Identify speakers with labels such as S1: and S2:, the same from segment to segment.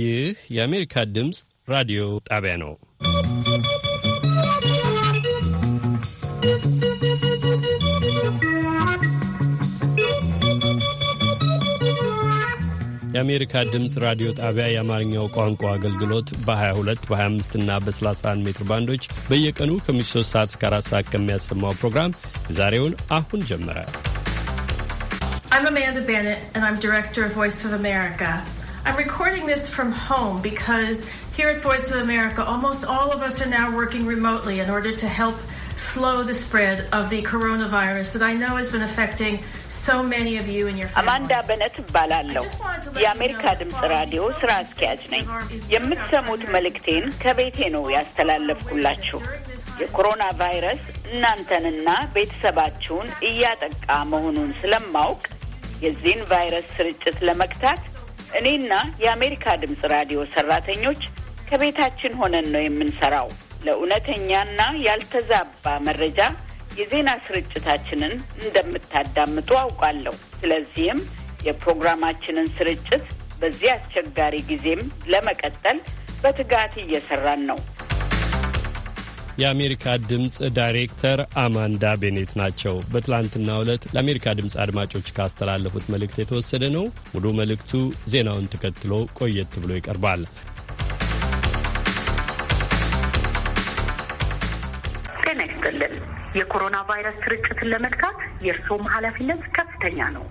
S1: ይህ የአሜሪካ ድምፅ ራዲዮ ጣቢያ ነው። የአሜሪካ ድምፅ ራዲዮ ጣቢያ የአማርኛው ቋንቋ አገልግሎት በ22 በ25 እና በ31 ሜትር ባንዶች በየቀኑ ከምሽቱ 3 ሰዓት እስከ 4 ሰዓት ከሚያሰማው ፕሮግራም ዛሬውን አሁን ጀመረ።
S2: I'm Amanda Bennett and I'm director of Voice of America. I'm recording this from home because here at Voice of America, almost all of us are now working remotely in order to help slow the spread of the coronavirus that I know has been affecting so many of you and your families. አማንዳ በነት
S3: The የአሜሪካ ድምፅ ራዲዮ ስራ አስኪያጅ ነኝ። የምትሰሙት መልእክቴን ከቤቴ ነው the የኮሮና ቫይረስ እናንተንና ቤተሰባችሁን እያጠቃ መሆኑን ስለማውቅ የዚህን ቫይረስ ስርጭት ለመግታት እኔና የአሜሪካ ድምፅ ራዲዮ ሰራተኞች ከቤታችን ሆነን ነው የምንሰራው። ለእውነተኛና ያልተዛባ መረጃ የዜና ስርጭታችንን እንደምታዳምጡ አውቃለሁ። ስለዚህም የፕሮግራማችንን ስርጭት በዚህ አስቸጋሪ ጊዜም ለመቀጠል በትጋት እየሰራን ነው።
S1: የአሜሪካ ድምፅ ዳይሬክተር አማንዳ ቤኔት ናቸው። በትላንትና ዕለት ለአሜሪካ ድምፅ አድማጮች ካስተላለፉት መልእክት የተወሰደ ነው። ሙሉ መልእክቱ ዜናውን ተከትሎ ቆየት ብሎ ይቀርባል።
S4: ጤና ይስጥልን። የኮሮና ቫይረስ ስርጭትን ለመትካት የእርስዎም ኃላፊነት ከፍተኛ ነው።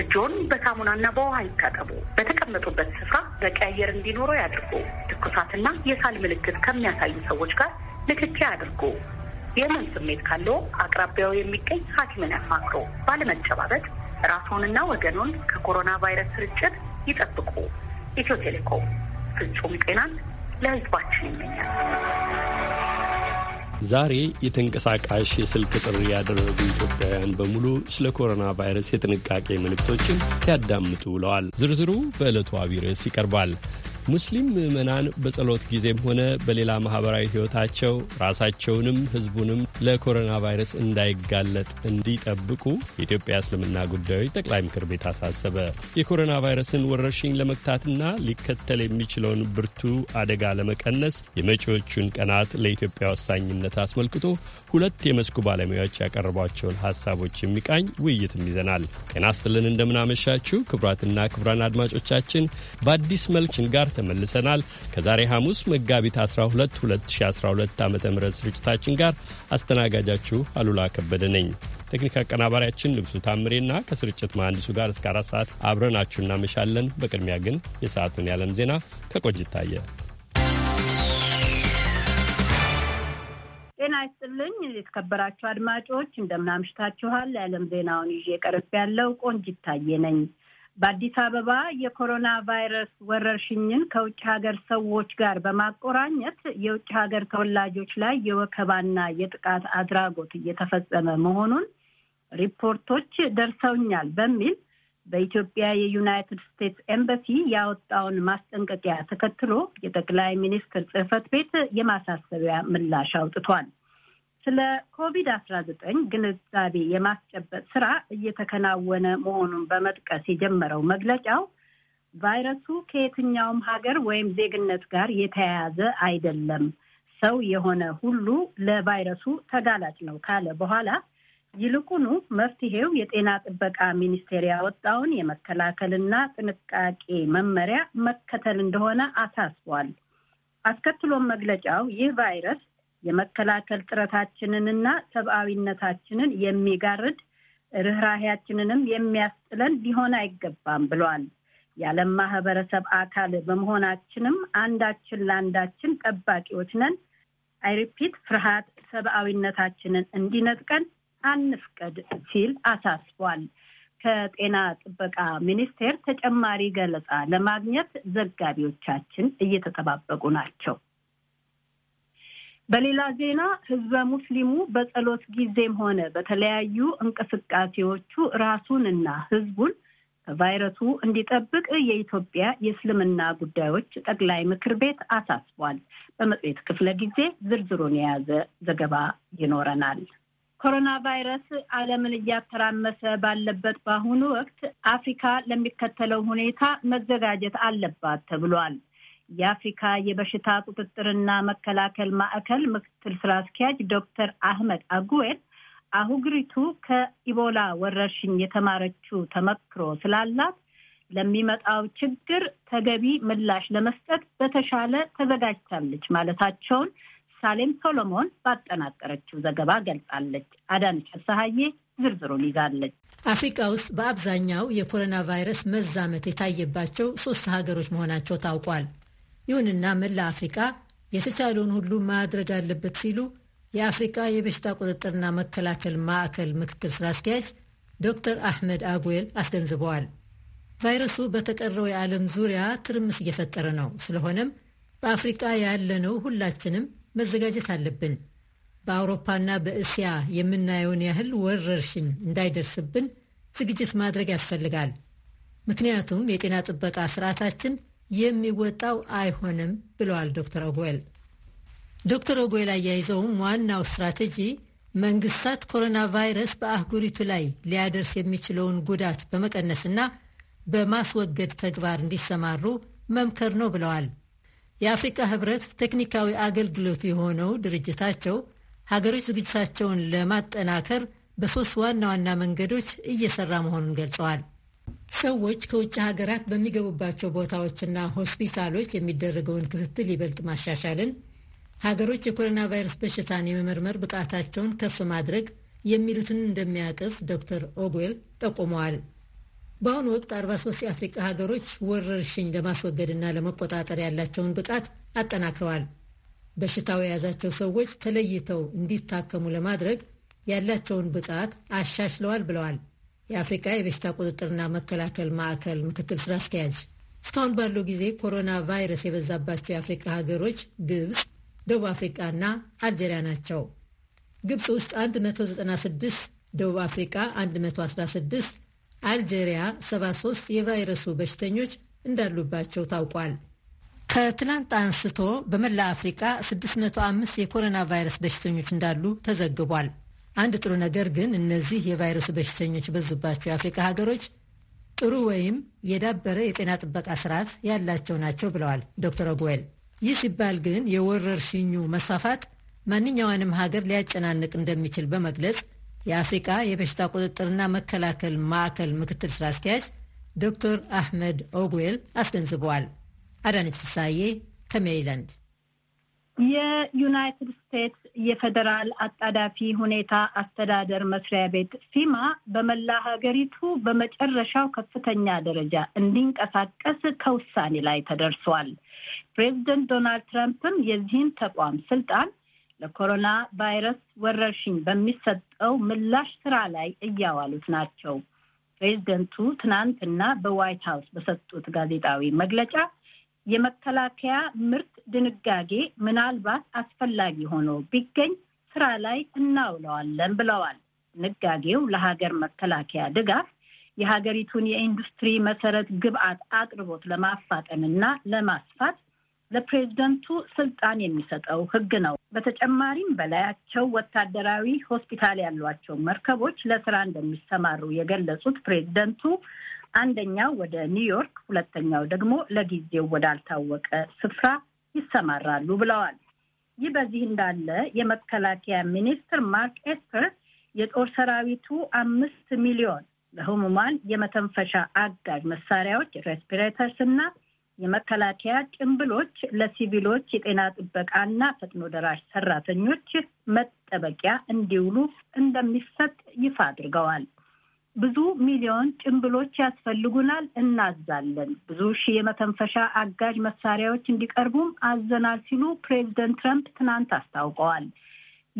S4: እጆን በሳሙናና በውሃ ይታጠቡ። በተቀመጡበት ስፍራ በቂ አየር እንዲኖሩ ያድርጉ። ትኩሳትና የሳል ምልክት ከሚያሳዩ ሰዎች ጋር ንክኪ አድርጉ። የህመም ስሜት ካለው አቅራቢያው የሚገኝ ሐኪምን ያማክሩ። ባለመጨባበጥ ራስዎንና ወገኖን ከኮሮና ቫይረስ ስርጭት ይጠብቁ። ኢትዮ ቴሌኮም ፍጹም ጤናን ለህዝባችን ይመኛል።
S1: ዛሬ የተንቀሳቃሽ የስልክ ጥሪ ያደረጉ ኢትዮጵያውያን በሙሉ ስለ ኮሮና ቫይረስ የጥንቃቄ ምልክቶችን ሲያዳምጡ ውለዋል። ዝርዝሩ በዕለቱ አቢይ ርዕስ ይቀርባል። ሙስሊም ምዕመናን በጸሎት ጊዜም ሆነ በሌላ ማኅበራዊ ሕይወታቸው ራሳቸውንም ሕዝቡንም ለኮሮና ቫይረስ እንዳይጋለጥ እንዲጠብቁ የኢትዮጵያ እስልምና ጉዳዮች ጠቅላይ ምክር ቤት አሳሰበ። የኮሮና ቫይረስን ወረርሽኝ ለመግታትና ሊከተል የሚችለውን ብርቱ አደጋ ለመቀነስ የመጪዎቹን ቀናት ለኢትዮጵያ ወሳኝነት አስመልክቶ ሁለት የመስኩ ባለሙያዎች ያቀረቧቸውን ሀሳቦች የሚቃኝ ውይይትም ይዘናል። ጤና ይስጥልን፣ እንደምናመሻችሁ ክቡራትና ክቡራን አድማጮቻችን በአዲስ መልክን ጋር ተመልሰናል። ከዛሬ ሐሙስ መጋቢት 12 2012 ዓ ም ስርጭታችን ጋር አስተናጋጃችሁ አሉላ ከበደ ነኝ። ቴክኒክ አቀናባሪያችን ንጉሱ ታምሬና ከስርጭት መሐንዲሱ ጋር እስከ አራት ሰዓት አብረናችሁ እናመሻለን። በቅድሚያ ግን የሰዓቱን የዓለም ዜና ይታያል።
S5: ጤና ይስጥልኝ የተከበራችሁ አድማጮች እንደምን አምሽታችኋል። የዓለም ዜናውን ይዤ ቀርብ ያለው ቆንጅ ይታየ ነኝ። በአዲስ አበባ የኮሮና ቫይረስ ወረርሽኝን ከውጭ ሀገር ሰዎች ጋር በማቆራኘት የውጭ ሀገር ተወላጆች ላይ የወከባና የጥቃት አድራጎት እየተፈጸመ መሆኑን ሪፖርቶች ደርሰውኛል በሚል በኢትዮጵያ የዩናይትድ ስቴትስ ኤምባሲ ያወጣውን ማስጠንቀቂያ ተከትሎ የጠቅላይ ሚኒስትር ጽህፈት ቤት የማሳሰቢያ ምላሽ አውጥቷል። ስለ ኮቪድ አስራ ዘጠኝ ግንዛቤ የማስጨበጥ ስራ እየተከናወነ መሆኑን በመጥቀስ የጀመረው መግለጫው ቫይረሱ ከየትኛውም ሀገር ወይም ዜግነት ጋር የተያያዘ አይደለም፣ ሰው የሆነ ሁሉ ለቫይረሱ ተጋላጭ ነው ካለ በኋላ ይልቁኑ መፍትሄው የጤና ጥበቃ ሚኒስቴር ያወጣውን የመከላከልና ጥንቃቄ መመሪያ መከተል እንደሆነ አሳስቧል። አስከትሎም መግለጫው ይህ ቫይረስ የመከላከል ጥረታችንንና ሰብአዊነታችንን የሚጋርድ ርኅራሄያችንንም የሚያስጥለን ሊሆን አይገባም ብሏል። የዓለም ማህበረሰብ አካል በመሆናችንም አንዳችን ለአንዳችን ጠባቂዎች ነን። አይሪፒት ፍርሃት ሰብአዊነታችንን እንዲነጥቀን አንፍቀድ ሲል አሳስቧል። ከጤና ጥበቃ ሚኒስቴር ተጨማሪ ገለጻ ለማግኘት ዘጋቢዎቻችን እየተጠባበቁ ናቸው። በሌላ ዜና ህዝበ ሙስሊሙ በጸሎት ጊዜም ሆነ በተለያዩ እንቅስቃሴዎቹ ራሱንና ህዝቡን ከቫይረሱ እንዲጠብቅ የኢትዮጵያ የእስልምና ጉዳዮች ጠቅላይ ምክር ቤት አሳስቧል። በመጽሔት ክፍለ ጊዜ ዝርዝሩን የያዘ ዘገባ ይኖረናል። ኮሮና ቫይረስ ዓለምን እያተራመሰ ባለበት በአሁኑ ወቅት አፍሪካ ለሚከተለው ሁኔታ መዘጋጀት አለባት ተብሏል። የአፍሪካ የበሽታ ቁጥጥርና መከላከል ማዕከል ምክትል ስራ አስኪያጅ ዶክተር አህመድ አጉዌል አህጉሪቱ ከኢቦላ ወረርሽኝ የተማረችው ተመክሮ ስላላት ለሚመጣው ችግር ተገቢ ምላሽ ለመስጠት በተሻለ ተዘጋጅታለች ማለታቸውን ሳሌም ሶሎሞን ባጠናቀረችው ዘገባ ገልጻለች። አዳነች ፍስሐዬ ዝርዝሩን ይዛለች።
S6: አፍሪካ ውስጥ በአብዛኛው የኮሮና ቫይረስ መዛመት የታየባቸው ሶስት ሀገሮች መሆናቸው ታውቋል። ይሁንና መላ አፍሪካ የተቻለውን ሁሉ ማድረግ አለበት ሲሉ የአፍሪካ የበሽታ ቁጥጥርና መከላከል ማዕከል ምክትል ስራ አስኪያጅ ዶክተር አሕመድ አጉዌል አስገንዝበዋል። ቫይረሱ በተቀረው የዓለም ዙሪያ ትርምስ እየፈጠረ ነው። ስለሆነም በአፍሪቃ ያለነው ሁላችንም መዘጋጀት አለብን። በአውሮፓና በእስያ የምናየውን ያህል ወረርሽኝ እንዳይደርስብን ዝግጅት ማድረግ ያስፈልጋል። ምክንያቱም የጤና ጥበቃ ስርዓታችን የሚወጣው አይሆንም ብለዋል ዶክተር ኦጎል። ዶክተር ኦጎል አያይዘውም ዋናው ስትራቴጂ መንግስታት ኮሮና ቫይረስ በአህጉሪቱ ላይ ሊያደርስ የሚችለውን ጉዳት በመቀነስና በማስወገድ ተግባር እንዲሰማሩ መምከር ነው ብለዋል። የአፍሪካ ህብረት ቴክኒካዊ አገልግሎት የሆነው ድርጅታቸው ሀገሮች ዝግጅታቸውን ለማጠናከር በሦስት ዋና ዋና መንገዶች እየሰራ መሆኑን ገልጸዋል። ሰዎች ከውጭ ሀገራት በሚገቡባቸው ቦታዎችና ሆስፒታሎች የሚደረገውን ክትትል ይበልጥ ማሻሻልን፣ ሀገሮች የኮሮና ቫይረስ በሽታን የመመርመር ብቃታቸውን ከፍ ማድረግ የሚሉትን እንደሚያቅፍ ዶክተር ኦግዌል ጠቁመዋል። በአሁኑ ወቅት 43 የአፍሪቃ ሀገሮች ወረርሽኝ ለማስወገድና ለመቆጣጠር ያላቸውን ብቃት አጠናክረዋል። በሽታው የያዛቸው ሰዎች ተለይተው እንዲታከሙ ለማድረግ ያላቸውን ብቃት አሻሽለዋል ብለዋል የአፍሪካ የበሽታ ቁጥጥርና መከላከል ማዕከል ምክትል ስራ አስኪያጅ። እስካሁን ባለው ጊዜ ኮሮና ቫይረስ የበዛባቸው የአፍሪካ ሀገሮች ግብፅ፣ ደቡብ እና አልጄሪያ ናቸው። ግብፅ ውስጥ 196፣ ደቡብ አፍሪቃ 116፣ አልጄሪያ 73 የቫይረሱ በሽተኞች እንዳሉባቸው ታውቋል። ከትናንት አንስቶ በመላ አፍሪቃ 605 የኮሮና ቫይረስ በሽተኞች እንዳሉ ተዘግቧል። አንድ ጥሩ ነገር ግን እነዚህ የቫይረሱ በሽተኞች በዙባቸው የአፍሪካ ሀገሮች ጥሩ ወይም የዳበረ የጤና ጥበቃ ስርዓት ያላቸው ናቸው ብለዋል ዶክተር ኦግዌል። ይህ ሲባል ግን የወረርሽኙ መስፋፋት ማንኛዋንም ሀገር ሊያጨናንቅ እንደሚችል በመግለጽ የአፍሪካ የበሽታ ቁጥጥርና መከላከል ማዕከል ምክትል ስራ አስኪያጅ ዶክተር አህመድ ኦጉዌል አስገንዝበዋል። አዳነች ፍሳዬ ከሜሪላንድ
S5: የዩናይትድ ስቴትስ የፌዴራል አጣዳፊ ሁኔታ አስተዳደር መስሪያ ቤት ፊማ በመላ ሀገሪቱ በመጨረሻው ከፍተኛ ደረጃ እንዲንቀሳቀስ ከውሳኔ ላይ ተደርሷል። ፕሬዚደንት ዶናልድ ትራምፕም የዚህን ተቋም ስልጣን ለኮሮና ቫይረስ ወረርሽኝ በሚሰጠው ምላሽ ስራ ላይ እያዋሉት ናቸው። ፕሬዚደንቱ ትናንትና በዋይት ሀውስ በሰጡት ጋዜጣዊ መግለጫ የመከላከያ ምርት ድንጋጌ ምናልባት አስፈላጊ ሆኖ ቢገኝ ስራ ላይ እናውለዋለን ብለዋል። ድንጋጌው ለሀገር መከላከያ ድጋፍ የሀገሪቱን የኢንዱስትሪ መሰረት ግብአት አቅርቦት እና ለማስፋት ለፕሬዝደንቱ ስልጣን የሚሰጠው ህግ ነው። በተጨማሪም በላያቸው ወታደራዊ ሆስፒታል ያሏቸው መርከቦች ለስራ እንደሚሰማሩ የገለጹት ፕሬዝደንቱ አንደኛው ወደ ኒውዮርክ፣ ሁለተኛው ደግሞ ለጊዜው ወዳልታወቀ ስፍራ ይሰማራሉ ብለዋል። ይህ በዚህ እንዳለ የመከላከያ ሚኒስትር ማርክ ኤስፐር የጦር ሰራዊቱ አምስት ሚሊዮን ለህሙማን የመተንፈሻ አጋዥ መሳሪያዎች ሬስፒሬተርስ እና የመከላከያ ጭንብሎች ለሲቪሎች የጤና ጥበቃና ፈጥኖ ደራሽ ሰራተኞች መጠበቂያ እንዲውሉ እንደሚሰጥ ይፋ አድርገዋል። ብዙ ሚሊዮን ጭንብሎች ያስፈልጉናል፣ እናዛለን። ብዙ ሺህ የመተንፈሻ አጋዥ መሳሪያዎች እንዲቀርቡም አዘናል ሲሉ ፕሬዚደንት ትረምፕ ትናንት አስታውቀዋል።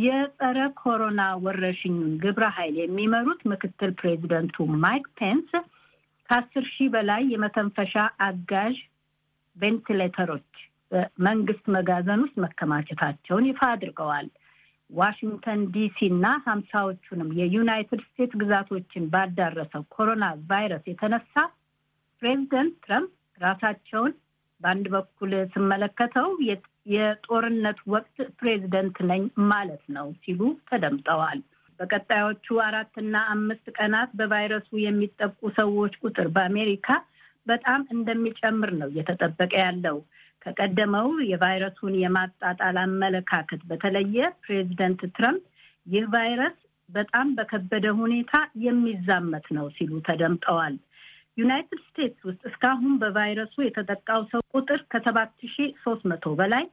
S5: የጸረ ኮሮና ወረርሽኙን ግብረ ኃይል የሚመሩት ምክትል ፕሬዚደንቱ ማይክ ፔንስ ከአስር ሺህ በላይ የመተንፈሻ አጋዥ ቬንቲሌተሮች በመንግስት መጋዘን ውስጥ መከማቸታቸውን ይፋ አድርገዋል። ዋሽንግተን ዲሲ እና ሀምሳዎቹንም የዩናይትድ ስቴትስ ግዛቶችን ባዳረሰው ኮሮና ቫይረስ የተነሳ ፕሬዚደንት ትረምፕ ራሳቸውን በአንድ በኩል ስመለከተው የጦርነት ወቅት ፕሬዚደንት ነኝ ማለት ነው ሲሉ ተደምጠዋል። በቀጣዮቹ አራትና አምስት ቀናት በቫይረሱ የሚጠቁ ሰዎች ቁጥር በአሜሪካ በጣም እንደሚጨምር ነው እየተጠበቀ ያለው። ከቀደመው የቫይረሱን የማጣጣል አመለካከት በተለየ ፕሬዚደንት ትረምፕ ይህ ቫይረስ በጣም በከበደ ሁኔታ የሚዛመት ነው ሲሉ ተደምጠዋል። ዩናይትድ ስቴትስ ውስጥ እስካሁን በቫይረሱ የተጠቃው ሰው ቁጥር ከሰባት ሺ ሶስት መቶ በላይ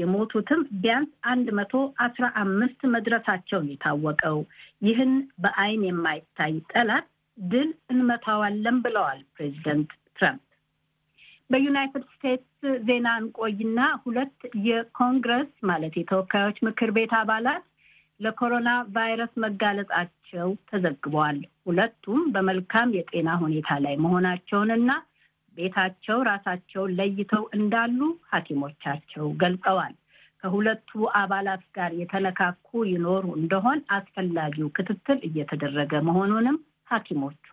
S5: የሞቱትም ቢያንስ አንድ መቶ አስራ አምስት መድረሳቸውን የታወቀው ይህን በአይን የማይታይ ጠላት ድል እንመታዋለን ብለዋል ፕሬዚደንት ትራምፕ። በዩናይትድ ስቴትስ ዜና እንቆይና ሁለት የኮንግረስ ማለት የተወካዮች ምክር ቤት አባላት ለኮሮና ቫይረስ መጋለጣቸው ተዘግበዋል። ሁለቱም በመልካም የጤና ሁኔታ ላይ መሆናቸውንና ቤታቸው ራሳቸው ለይተው እንዳሉ ሐኪሞቻቸው ገልጸዋል። ከሁለቱ አባላት ጋር የተነካኩ ይኖሩ እንደሆን አስፈላጊው ክትትል እየተደረገ መሆኑንም ሐኪሞቹ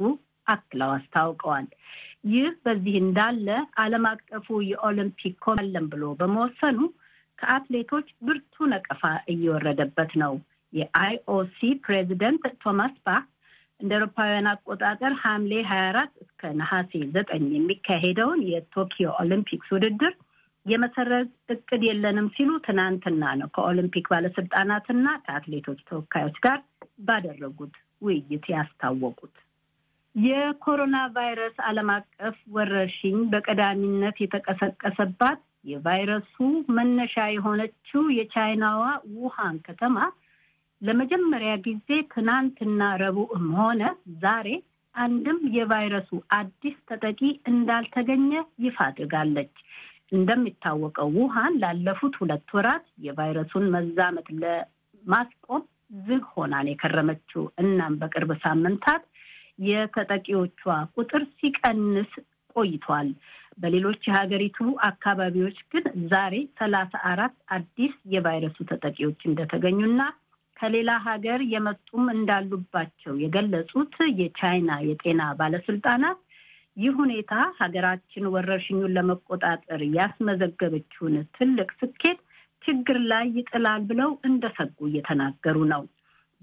S5: አክለው አስታውቀዋል። ይህ በዚህ እንዳለ ዓለም አቀፉ የኦሎምፒክ ኮለን ብሎ በመወሰኑ ከአትሌቶች ብርቱ ነቀፋ እየወረደበት ነው። የአይኦሲ ፕሬዚደንት ቶማስ ባህ እንደ አውሮፓውያን አቆጣጠር ሐምሌ ሀያ አራት እስከ ነሐሴ ዘጠኝ የሚካሄደውን የቶኪዮ ኦሎምፒክስ ውድድር የመሰረዝ እቅድ የለንም ሲሉ ትናንትና ነው ከኦሎምፒክ ባለስልጣናትና ከአትሌቶች ተወካዮች ጋር ባደረጉት ውይይት ያስታወቁት። የኮሮና ቫይረስ ዓለም አቀፍ ወረርሽኝ በቀዳሚነት የተቀሰቀሰባት የቫይረሱ መነሻ የሆነችው የቻይናዋ ውሃን ከተማ ለመጀመሪያ ጊዜ ትናንትና ረቡዕም ሆነ ዛሬ አንድም የቫይረሱ አዲስ ተጠቂ እንዳልተገኘ ይፋ አድርጋለች። እንደሚታወቀው ውሃን ላለፉት ሁለት ወራት የቫይረሱን መዛመት ለማስቆም ዝግ ሆናን የከረመችው እናም በቅርብ ሳምንታት የተጠቂዎቿ ቁጥር ሲቀንስ ቆይቷል። በሌሎች የሀገሪቱ አካባቢዎች ግን ዛሬ ሰላሳ አራት አዲስ የቫይረሱ ተጠቂዎች እንደተገኙና ከሌላ ሀገር የመጡም እንዳሉባቸው የገለጹት የቻይና የጤና ባለስልጣናት ይህ ሁኔታ ሀገራችን ወረርሽኙን ለመቆጣጠር ያስመዘገበችውን ትልቅ ስኬት ችግር ላይ ይጥላል ብለው እንደሰጉ እየተናገሩ ነው።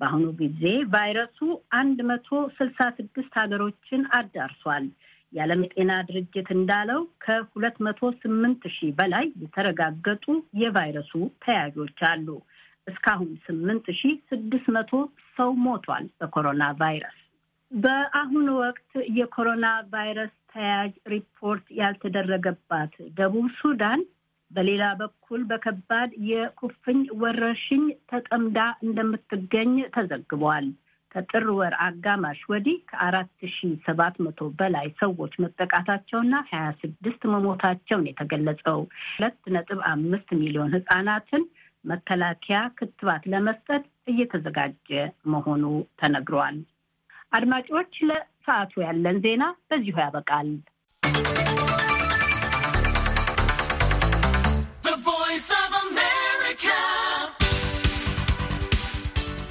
S5: በአሁኑ ጊዜ ቫይረሱ አንድ መቶ ስልሳ ስድስት ሀገሮችን አዳርሷል። የዓለም የጤና ድርጅት እንዳለው ከሁለት መቶ ስምንት ሺህ በላይ የተረጋገጡ የቫይረሱ ተያዦች አሉ። እስካሁን ስምንት ሺህ ስድስት መቶ ሰው ሞቷል በኮሮና ቫይረስ። በአሁኑ ወቅት የኮሮና ቫይረስ ተያዥ ሪፖርት ያልተደረገባት ደቡብ ሱዳን በሌላ በኩል በከባድ የኩፍኝ ወረርሽኝ ተጠምዳ እንደምትገኝ ተዘግቧል። ከጥር ወር አጋማሽ ወዲህ ከአራት ሺ ሰባት መቶ በላይ ሰዎች መጠቃታቸውና ሀያ ስድስት መሞታቸውን የተገለጸው ሁለት ነጥብ አምስት ሚሊዮን ህጻናትን መከላከያ ክትባት ለመስጠት እየተዘጋጀ መሆኑ ተነግሯል። አድማጮች ለሰዓቱ ያለን ዜና በዚሁ ያበቃል።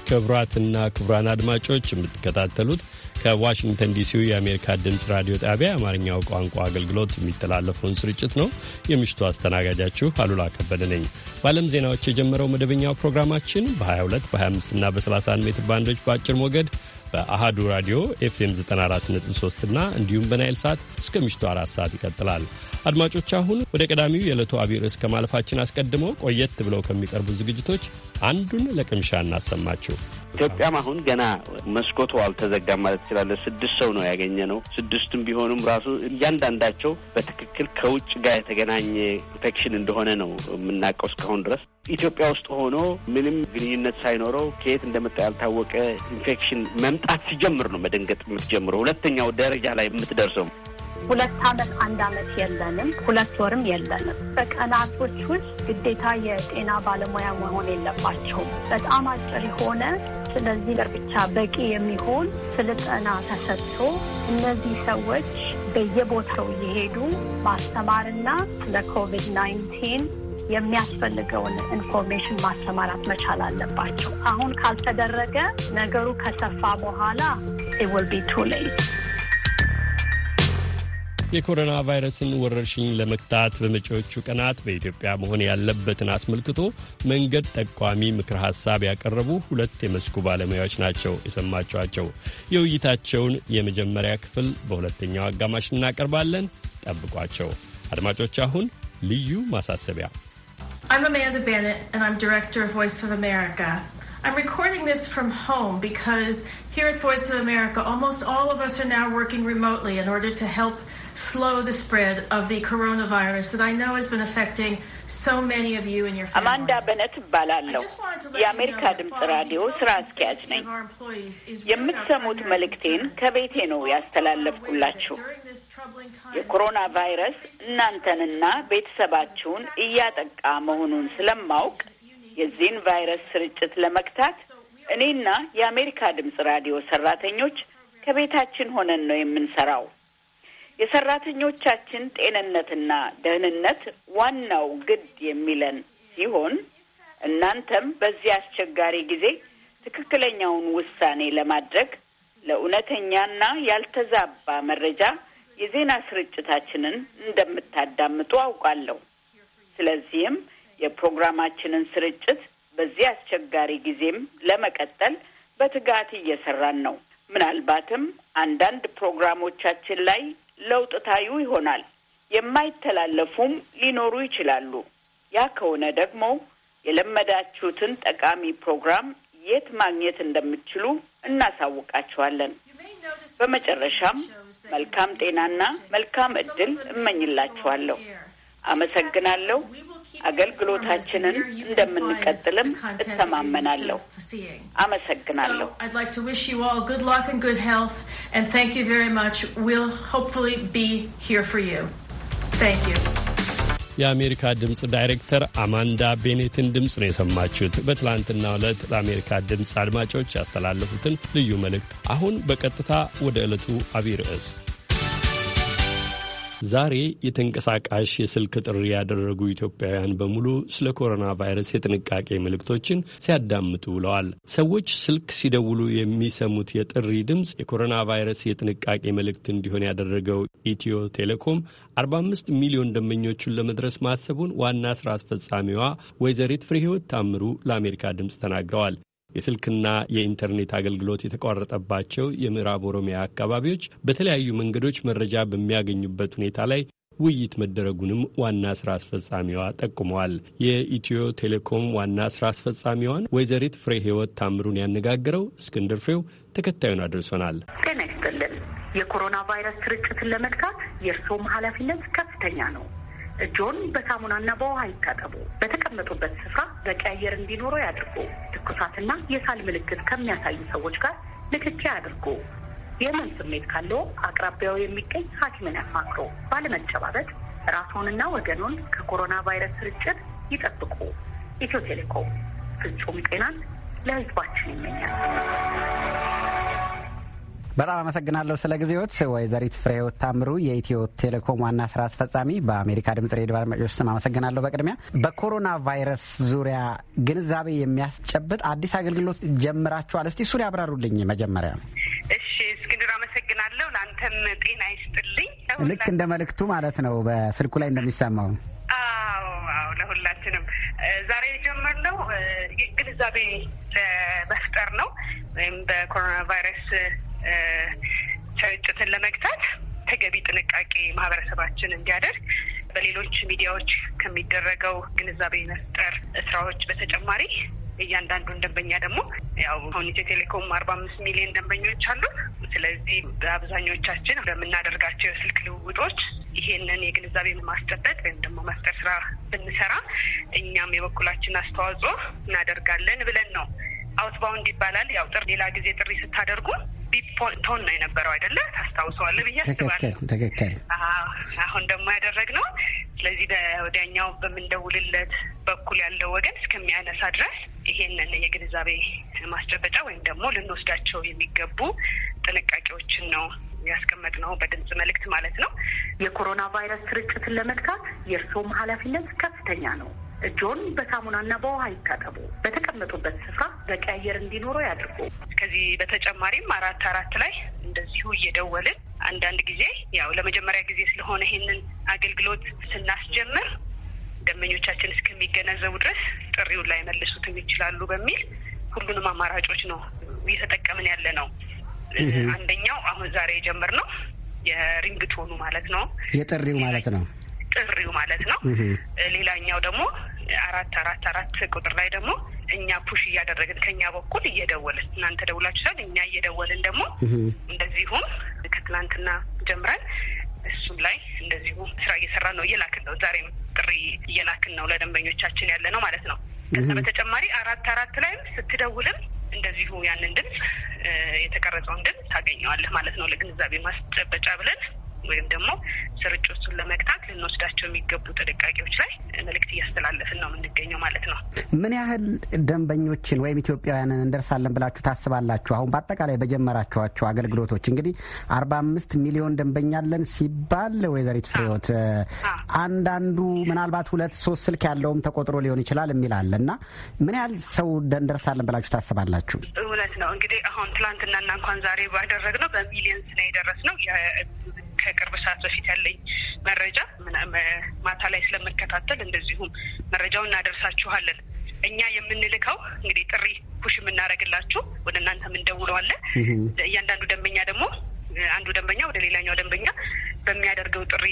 S1: ክቡራትና ክቡራን አድማጮች የምትከታተሉት ከዋሽንግተን ዲሲው የአሜሪካ ድምፅ ራዲዮ ጣቢያ የአማርኛው ቋንቋ አገልግሎት የሚተላለፈውን ስርጭት ነው። የምሽቱ አስተናጋጃችሁ አሉላ ከበደ ነኝ። በዓለም ዜናዎች የጀመረው መደበኛው ፕሮግራማችን በ22 በ25 እና በ31 ሜትር ባንዶች በአጭር ሞገድ በአሃዱ ራዲዮ ኤፍኤም 943 እና እንዲሁም በናይል ሰዓት እስከ ምሽቱ አራት ሰዓት ይቀጥላል። አድማጮች አሁን ወደ ቀዳሚው የዕለቱ አብይ ርዕስ ከማለፋችን አስቀድሞ ቆየት ብለው ከሚቀርቡ ዝግጅቶች አንዱን ለቅምሻ እናሰማችሁ።
S7: ኢትዮጵያም አሁን ገና መስኮቱ አልተዘጋም ማለት ትችላለ። ስድስት ሰው ነው ያገኘ ነው። ስድስቱም ቢሆኑም ራሱ እያንዳንዳቸው በትክክል ከውጭ ጋር የተገናኘ ኢንፌክሽን እንደሆነ ነው የምናውቀው እስካሁን ድረስ ኢትዮጵያ ውስጥ ሆኖ ምንም ግንኙነት ሳይኖረው ከየት እንደመጣ ያልታወቀ ኢንፌክሽን መምጣት መምጣት ሲጀምር ነው መደንገጥ የምትጀምረው። ሁለተኛው ደረጃ ላይ የምትደርሰው
S2: ሁለት ዓመት አንድ ዓመት የለንም፣ ሁለት ወርም የለንም። በቀናቶች ውስጥ ግዴታ የጤና ባለሙያ መሆን የለባቸውም። በጣም አጭር የሆነ ስለዚህ ብቻ በቂ የሚሆን ስልጠና ተሰጥቶ እነዚህ ሰዎች በየቦታው እየሄዱ ማስተማርና ስለ ኮቪድ ናይንቲን የሚያስፈልገውን ኢንፎርሜሽን ማሰማራት መቻል አለባቸው። አሁን ካልተደረገ ነገሩ ከሰፋ በኋላ it will be too
S1: የኮሮና ቫይረስን ወረርሽኝ ለመግታት በመጪዎቹ ቀናት በኢትዮጵያ መሆን ያለበትን አስመልክቶ መንገድ ጠቋሚ ምክር ሀሳብ ያቀረቡ ሁለት የመስኩ ባለሙያዎች ናቸው የሰማችኋቸው። የውይይታቸውን የመጀመሪያ ክፍል በሁለተኛው አጋማሽ እናቀርባለን። ጠብቋቸው አድማጮች። አሁን ልዩ ማሳሰቢያ
S2: I'm Amanda Bennett, and I'm Director of Voice of America. I'm recording this from home because here at Voice of America, almost all of us are now working remotely in order to help slow the spread of the coronavirus that I know has been affecting so many of you and your families. Amanda
S3: Bennett Balalo, America Dims Radio, Sras Kajne, Yemit Samut Malikin, Kabetino, Yastalal of Kulachu, the coronavirus, Nantanana, Bet Sabachun, Iyatak Amohun Slam Mauk, Yazin virus, Richard Lamaktak, እኔና የአሜሪካ ድምፅ ራዲዮ ሰራተኞች ከቤታችን ሆነን ነው የምንሰራው። የሰራተኞቻችን ጤንነትና ደህንነት ዋናው ግድ የሚለን ሲሆን እናንተም በዚህ አስቸጋሪ ጊዜ ትክክለኛውን ውሳኔ ለማድረግ ለእውነተኛና ያልተዛባ መረጃ የዜና ስርጭታችንን እንደምታዳምጡ አውቃለሁ። ስለዚህም የፕሮግራማችንን ስርጭት በዚህ አስቸጋሪ ጊዜም ለመቀጠል በትጋት እየሰራን ነው። ምናልባትም አንዳንድ ፕሮግራሞቻችን ላይ ለውጥ ታዩ ይሆናል። የማይተላለፉም ሊኖሩ ይችላሉ። ያ ከሆነ ደግሞ የለመዳችሁትን ጠቃሚ ፕሮግራም የት ማግኘት እንደምትችሉ እናሳውቃችኋለን። በመጨረሻም መልካም ጤናና መልካም እድል እመኝላችኋለሁ። አመሰግናለሁ። አገልግሎታችንን እንደምንቀጥልም እተማመናለሁ። አመሰግናለሁ።
S1: የአሜሪካ ድምፅ ዳይሬክተር አማንዳ ቤኔትን ድምፅ ነው የሰማችሁት። በትላንትናው ዕለት ለአሜሪካ ድምፅ አድማጮች ያስተላለፉትን ልዩ መልእክት። አሁን በቀጥታ ወደ ዕለቱ አብይ ርዕስ ዛሬ የተንቀሳቃሽ የስልክ ጥሪ ያደረጉ ኢትዮጵያውያን በሙሉ ስለ ኮሮና ቫይረስ የጥንቃቄ ምልክቶችን ሲያዳምጡ ውለዋል። ሰዎች ስልክ ሲደውሉ የሚሰሙት የጥሪ ድምፅ የኮሮና ቫይረስ የጥንቃቄ መልእክት እንዲሆን ያደረገው ኢትዮ ቴሌኮም 45 ሚሊዮን ደንበኞቹን ለመድረስ ማሰቡን ዋና ስራ አስፈጻሚዋ ወይዘሪት ፍሬህይወት ታምሩ ለአሜሪካ ድምፅ ተናግረዋል። የስልክና የኢንተርኔት አገልግሎት የተቋረጠባቸው የምዕራብ ኦሮሚያ አካባቢዎች በተለያዩ መንገዶች መረጃ በሚያገኙበት ሁኔታ ላይ ውይይት መደረጉንም ዋና ስራ አስፈጻሚዋ ጠቁመዋል። የኢትዮ ቴሌኮም ዋና ስራ አስፈጻሚዋን ወይዘሪት ፍሬ ህይወት ታምሩን ያነጋገረው እስክንድር ፍሬው ተከታዩን አድርሶናል።
S4: ጤና ይስጥልን። የኮሮና ቫይረስ ስርጭትን ለመግታት የእርስዎም ኃላፊነት ከፍተኛ ነው እጆን በሳሙናና በውሃ ይታጠቡ። በተቀመጡበት ስፍራ በቂ አየር እንዲኖረው ያድርጉ። ትኩሳትና የሳል ምልክት ከሚያሳዩ ሰዎች ጋር ንክኪ አድርጉ። የህመም ስሜት ካለው አቅራቢያው የሚገኝ ሐኪምን ያማክሩ። ባለመጨባበጥ ራስዎንና ወገኖን ከኮሮና ቫይረስ ስርጭት ይጠብቁ። ኢትዮ ቴሌኮም ፍጹም ጤናን ለህዝባችን
S3: ይመኛል።
S8: በጣም አመሰግናለሁ ስለ ጊዜዎት። ወይዘሪት ፍሬህይወት ታምሩ የኢትዮ ቴሌኮም ዋና ስራ አስፈጻሚ፣ በአሜሪካ ድምጽ ሬዲዮ አድማጮች ስም አመሰግናለሁ። በቅድሚያ በኮሮና ቫይረስ ዙሪያ ግንዛቤ የሚያስጨብጥ አዲስ አገልግሎት ጀምራችኋል። እስቲ እሱን ያብራሩልኝ መጀመሪያ።
S9: እሺ እስክንድር አመሰግናለሁ። ለአንተም ጤና ይስጥልኝ።
S8: ልክ እንደ መልእክቱ ማለት ነው በስልኩ ላይ እንደሚሰማው አዎ አዎ፣ ለሁላችንም ዛሬ የጀመርነው
S9: ግንዛቤ ለመፍጠር ነው ወይም በኮሮና ቫይረስ ስርጭትን ለመግታት ተገቢ ጥንቃቄ ማህበረሰባችን እንዲያደርግ በሌሎች ሚዲያዎች ከሚደረገው ግንዛቤ መፍጠር ስራዎች በተጨማሪ እያንዳንዱን ደንበኛ ደግሞ ያው አሁን ኢትዮ ቴሌኮም አርባ አምስት ሚሊዮን ደንበኞች አሉ። ስለዚህ በአብዛኞቻችን በምናደርጋቸው የስልክ ልውውጦች ይሄንን የግንዛቤ ማስጨበጥ ወይም ደግሞ መፍጠር ስራ ብንሰራ እኛም የበኩላችን አስተዋጽኦ እናደርጋለን ብለን ነው። አውትባውንድ ይባላል። ያው ጥር ሌላ ጊዜ ጥሪ ስታደርጉ ቶን ነው የነበረው አይደለ? ታስታውሰዋለ ብዬ አስባለሁ። ትክክል። አሁን ደግሞ ነው። ስለዚህ በወዲያኛው በምንደውልለት በኩል ያለው ወገን እስከሚያነሳ ድረስ ይሄንን የግንዛቤ ማስጨበጫ ወይም ደግሞ ልንወስዳቸው የሚገቡ ጥንቃቄዎችን ነው ያስቀመጥ ነው በድምጽ መልእክት ማለት ነው። የኮሮና ቫይረስ
S4: ስርጭትን ለመግታት የእርስዎም ኃላፊነት ከፍተኛ ነው። እጆን በሳሙናና በውሃ
S9: ይታጠቡ። በተቀመጡበት ስፍራ በቂ አየር እንዲኖሩ ያድርጉ። ከዚህ በተጨማሪም አራት አራት ላይ እንደዚሁ እየደወልን አንዳንድ ጊዜ ያው ለመጀመሪያ ጊዜ ስለሆነ ይሄንን አገልግሎት ስናስጀምር ደንበኞቻችን እስከሚገነዘቡ ድረስ ጥሪውን ላይ መልሱትም ይችላሉ በሚል ሁሉንም አማራጮች ነው እየተጠቀምን ያለ ነው። አንደኛው አሁን ዛሬ የጀመርነው የሪንግቶኑ ማለት ነው
S8: የጥሪው ማለት ነው
S9: ጥሪው ማለት ነው። ሌላኛው ደግሞ አራት አራት አራት ቁጥር ላይ ደግሞ እኛ ፑሽ እያደረግን ከኛ በኩል እየደወልን እናንተ ደውላችኋል፣ እኛ እየደወልን ደግሞ እንደዚሁም ከትላንትና ጀምረን እሱም ላይ እንደዚሁ ስራ እየሰራን ነው፣ እየላክን ነው። ዛሬም ጥሪ እየላክን ነው ለደንበኞቻችን ያለ ነው ማለት ነው። ከዛ በተጨማሪ አራት አራት ላይም ስትደውልም እንደዚሁ ያንን ድምፅ የተቀረጸውን ድምፅ ታገኘዋለህ ማለት ነው። ለግንዛቤ ማስጨበጫ ብለን ወይም ደግሞ ስርጭቱን ለመግታት ልንወስዳቸው የሚገቡ ጥንቃቄዎች ላይ መልእክት እያስተላለፍን ነው የምንገኘው ማለት ነው።
S8: ምን ያህል ደንበኞችን ወይም ኢትዮጵያውያንን እንደርሳለን ብላችሁ ታስባላችሁ? አሁን በአጠቃላይ በጀመራችኋቸው አገልግሎቶች እንግዲህ አርባ አምስት ሚሊዮን ደንበኛ አለን ሲባል ወይዘሪት ፍሬዎት አንዳንዱ ምናልባት ሁለት ሶስት ስልክ ያለውም ተቆጥሮ ሊሆን ይችላል የሚል አለ እና ምን ያህል ሰው እንደርሳለን ብላችሁ ታስባላችሁ?
S9: እውነት ነው እንግዲህ አሁን ትላንትናና እንኳን ዛሬ ነው በሚሊየንስ ነው ከቅርብ ሰዓት በፊት ያለኝ መረጃ ማታ ላይ ስለምንከታተል እንደዚሁም መረጃውን እናደርሳችኋለን። እኛ የምንልከው እንግዲህ ጥሪ ኩሽ የምናደርግላችሁ ወደ እናንተም እንደውለዋለን። እያንዳንዱ ደንበኛ ደግሞ አንዱ ደንበኛ ወደ ሌላኛው ደንበኛ በሚያደርገው ጥሪ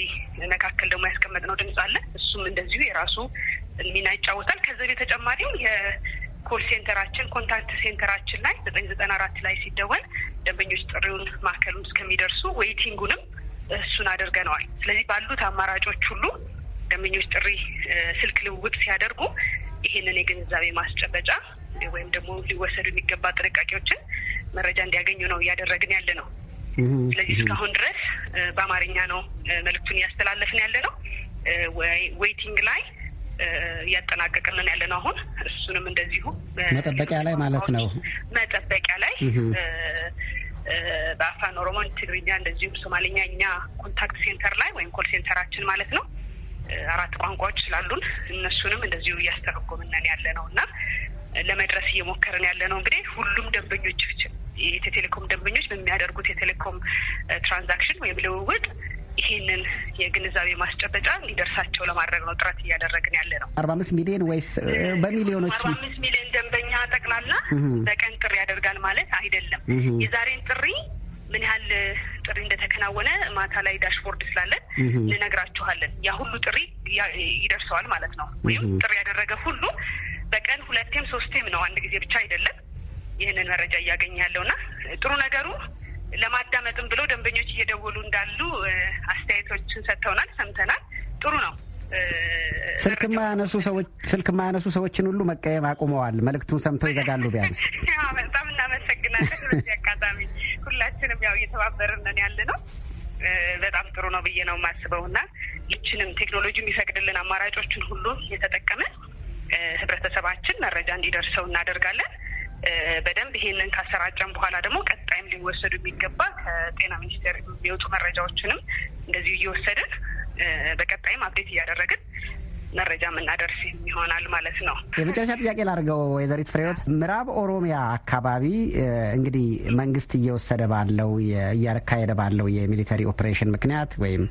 S9: መካከል ደግሞ ያስቀመጥነው ድምጽ አለ። እሱም እንደዚሁ የራሱ ሚና ይጫወታል። ከዚህ በተጨማሪም የኮል ሴንተራችን ኮንታክት ሴንተራችን ላይ ዘጠኝ ዘጠና አራት ላይ ሲደወል ደንበኞች ጥሪውን ማዕከሉን እስከሚደርሱ ዌይቲንጉንም እሱን አድርገነዋል። ስለዚህ ባሉት አማራጮች ሁሉ ደንበኞች ጥሪ ስልክ ልውውጥ ሲያደርጉ ይህንን የግንዛቤ ማስጨበጫ ወይም ደግሞ ሊወሰዱ የሚገባ ጥንቃቄዎችን መረጃ እንዲያገኙ ነው እያደረግን ያለ ነው። ስለዚህ እስካሁን ድረስ በአማርኛ ነው መልእክቱን እያስተላለፍን ያለ ነው። ዌይቲንግ ላይ እያጠናቀቅንን ያለ ነው። አሁን እሱንም እንደዚሁ መጠበቂያ ላይ ማለት ነው መጠበቂያ ላይ በአፋን ኦሮሞን፣ ትግርኛ እንደዚሁም ሶማሌኛ እኛ ኮንታክት ሴንተር ላይ ወይም ኮል ሴንተራችን ማለት ነው አራት ቋንቋዎች ስላሉን እነሱንም እንደዚሁ እያስተረጎምነን ያለ ነው እና ለመድረስ እየሞከርን ያለ ነው። እንግዲህ ሁሉም ደንበኞች የኢትዮ ቴሌኮም ደንበኞች በሚያደርጉት የቴሌኮም ትራንዛክሽን ወይም ልውውጥ ይህንን የግንዛቤ ማስጨበጫ እንዲደርሳቸው ለማድረግ ነው ጥረት እያደረግን ያለ ነው።
S8: አርባ አምስት ሚሊዮን ወይስ በሚሊዮኖች? አርባ
S9: አምስት ሚሊዮን ጠቅላላ በቀን ጥሪ ያደርጋል ማለት አይደለም። የዛሬን ጥሪ ምን ያህል ጥሪ እንደተከናወነ ማታ ላይ ዳሽቦርድ ስላለን እንነግራችኋለን። ያ ሁሉ ጥሪ ይደርሰዋል ማለት ነው። ወይም ጥሪ ያደረገ ሁሉ በቀን ሁለቴም ሶስቴም ነው፣ አንድ ጊዜ ብቻ አይደለም። ይህንን መረጃ እያገኘ እና ጥሩ ነገሩ ለማዳመጥም ብለው ደንበኞች እየደወሉ እንዳሉ አስተያየቶችን ሰጥተውናል፣ ሰምተናል። ጥሩ ነው።
S8: ስልክ የማያነሱ ሰዎች ስልክ የማያነሱ ሰዎችን ሁሉ መቀየም አቁመዋል። መልእክቱን ሰምተው ይዘጋሉ። ቢያንስ በጣም
S9: እናመሰግናለን። በዚህ አጋጣሚ ሁላችንም ያው እየተባበርነን ያለ ነው። በጣም ጥሩ ነው ብዬ ነው የማስበው እና ይችንም ቴክኖሎጂ የሚፈቅድልን አማራጮችን ሁሉ የተጠቀምን ህብረተሰባችን መረጃ እንዲደርሰው እናደርጋለን። በደንብ ይሄንን ካሰራጨን በኋላ ደግሞ ቀጣይም ሊወሰዱ የሚገባ ከጤና ሚኒስቴር የሚወጡ መረጃዎችንም እንደዚሁ እየወሰድን በቀጣይም አብዴት እያደረግን መረጃ የምናደርስ ይሆናል ማለት ነው።
S8: የመጨረሻ ጥያቄ ላድርገው ወይዘሪት ፍሬወት፣ ምዕራብ ኦሮሚያ አካባቢ እንግዲህ መንግስት እየወሰደ ባለው እያካሄደ ባለው የሚሊተሪ ኦፕሬሽን ምክንያት ወይም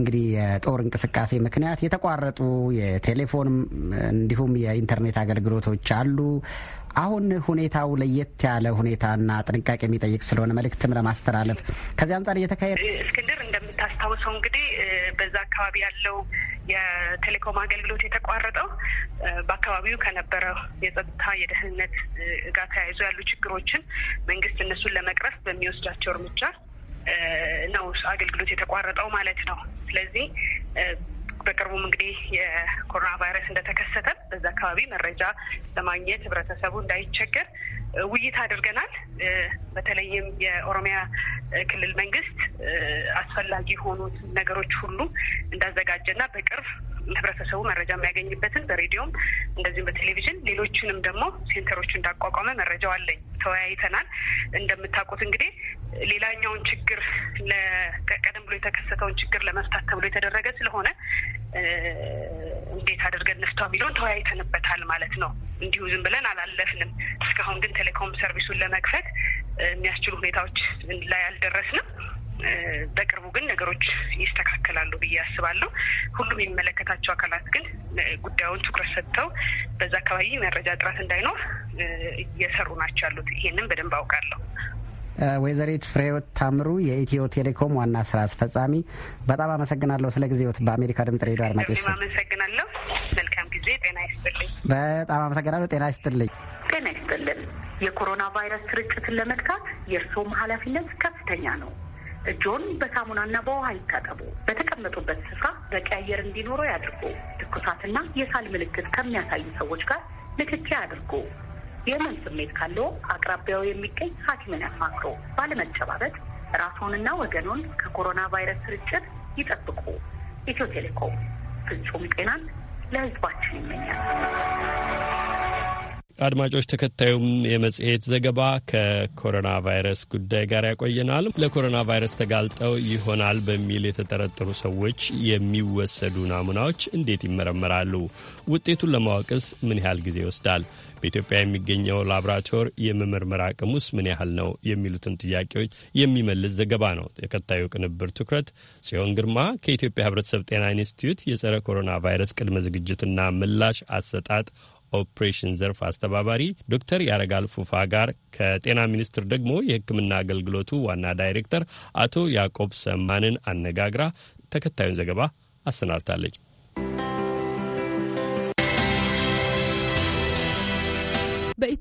S8: እንግዲህ የጦር እንቅስቃሴ ምክንያት የተቋረጡ የቴሌፎን እንዲሁም የኢንተርኔት አገልግሎቶች አሉ። አሁን ሁኔታው ለየት ያለ ሁኔታና ጥንቃቄ የሚጠይቅ ስለሆነ መልእክትም ለማስተላለፍ ከዚህ አንጻር እየተካሄደ
S10: እስክንድር እንደምታስታውሰው እንግዲህ በዛ አካባቢ ያለው
S9: የቴሌኮም አገልግሎት የተቋረጠው በአካባቢው ከነበረው የጸጥታ የደህንነት ጋር ተያይዞ ያሉ ችግሮችን መንግስት እነሱን ለመቅረፍ በሚወስዳቸው እርምጃ ነው አገልግሎት የተቋረጠው ማለት ነው። ስለዚህ በቅርቡም እንግዲህ የኮሮና ቫይረስ እንደተከሰተ በዛ አካባቢ መረጃ ለማግኘት ህብረተሰቡ እንዳይቸገር ውይይት አድርገናል። በተለይም የኦሮሚያ ክልል መንግስት አስፈላጊ የሆኑት ነገሮች ሁሉ እንዳዘጋጀና በቅርብ ህብረተሰቡ መረጃ የሚያገኝበትን በሬዲዮም እንደዚሁም በቴሌቪዥን ሌሎችንም ደግሞ ሴንተሮች እንዳቋቋመ መረጃው አለኝ። ተወያይተናል። እንደምታውቁት እንግዲህ ሌላኛውን ችግር ቀደም ብሎ የተከሰተውን ችግር ለመፍታት ተብሎ የተደረገ ስለሆነ እንዴት አድርገን ንፍቷ የሚለውን ተወያይተንበታል ማለት ነው። እንዲሁ ዝም ብለን አላለፍንም። እስካሁን ግን ቴሌኮም ሰርቪሱን ለመክፈት የሚያስችሉ ሁኔታዎች ላይ አልደረስንም። በቅርቡ ግን ነገሮች ይስተካከላሉ ብዬ አስባለሁ። ሁሉም የሚመለከታቸው አካላት ግን ጉዳዩን ትኩረት ሰጥተው በዛ አካባቢ መረጃ ጥራት እንዳይኖር እየሰሩ ናቸው ያሉት። ይሄንን በደንብ አውቃለሁ።
S8: ወይዘሪት ፍሬወት ታምሩ የኢትዮ ቴሌኮም ዋና ስራ አስፈጻሚ፣ በጣም አመሰግናለሁ ስለ ጊዜዎት። በአሜሪካ ድምጽ ሬዲዮ አድማጮች
S4: አመሰግናለሁ። መልካም ጊዜ። ጤና ይስጥልኝ።
S8: በጣም አመሰግናለሁ። ጤና ይስጥልኝ።
S4: ጤና ይስጥልን። የኮሮና ቫይረስ ስርጭትን ለመትካት የእርስዎም ኃላፊነት ከፍተኛ ነው። እጆን በሳሙናና በውሃ ይታጠቡ። በተቀመጡበት ስፍራ በቂ አየር እንዲኖረው ያድርጉ። ትኩሳትና የሳል ምልክት ከሚያሳዩ ሰዎች ጋር ንክኪ አድርጉ። የህመም ስሜት ካለው አቅራቢያው የሚገኝ ሐኪምን ያማክሮ ባለመጨባበጥ ራስዎንና ወገኖን ከኮሮና ቫይረስ ስርጭት ይጠብቁ። ኢትዮ ቴሌኮም ፍጹም ጤናን ለህዝባችን ይመኛል።
S1: አድማጮች ተከታዩም የመጽሔት ዘገባ ከኮሮና ቫይረስ ጉዳይ ጋር ያቆየናል። ለኮሮና ቫይረስ ተጋልጠው ይሆናል በሚል የተጠረጠሩ ሰዎች የሚወሰዱ ናሙናዎች እንዴት ይመረመራሉ? ውጤቱን ለማወቅስ ምን ያህል ጊዜ ይወስዳል? በኢትዮጵያ የሚገኘው ላብራቶር የመመርመር አቅም ውስጥ ምን ያህል ነው የሚሉትን ጥያቄዎች የሚመልስ ዘገባ ነው ተከታዩ ቅንብር ትኩረት። ጽዮን ግርማ ከኢትዮጵያ ሕብረተሰብ ጤና ኢንስቲትዩት የጸረ ኮሮና ቫይረስ ቅድመ ዝግጅትና ምላሽ አሰጣጥ ኦፕሬሽን ዘርፍ አስተባባሪ ዶክተር ያረጋል ፉፋ ጋር ከጤና ሚኒስቴር ደግሞ የሕክምና አገልግሎቱ ዋና ዳይሬክተር አቶ ያዕቆብ ሰማንን አነጋግራ ተከታዩን ዘገባ አሰናድታለች።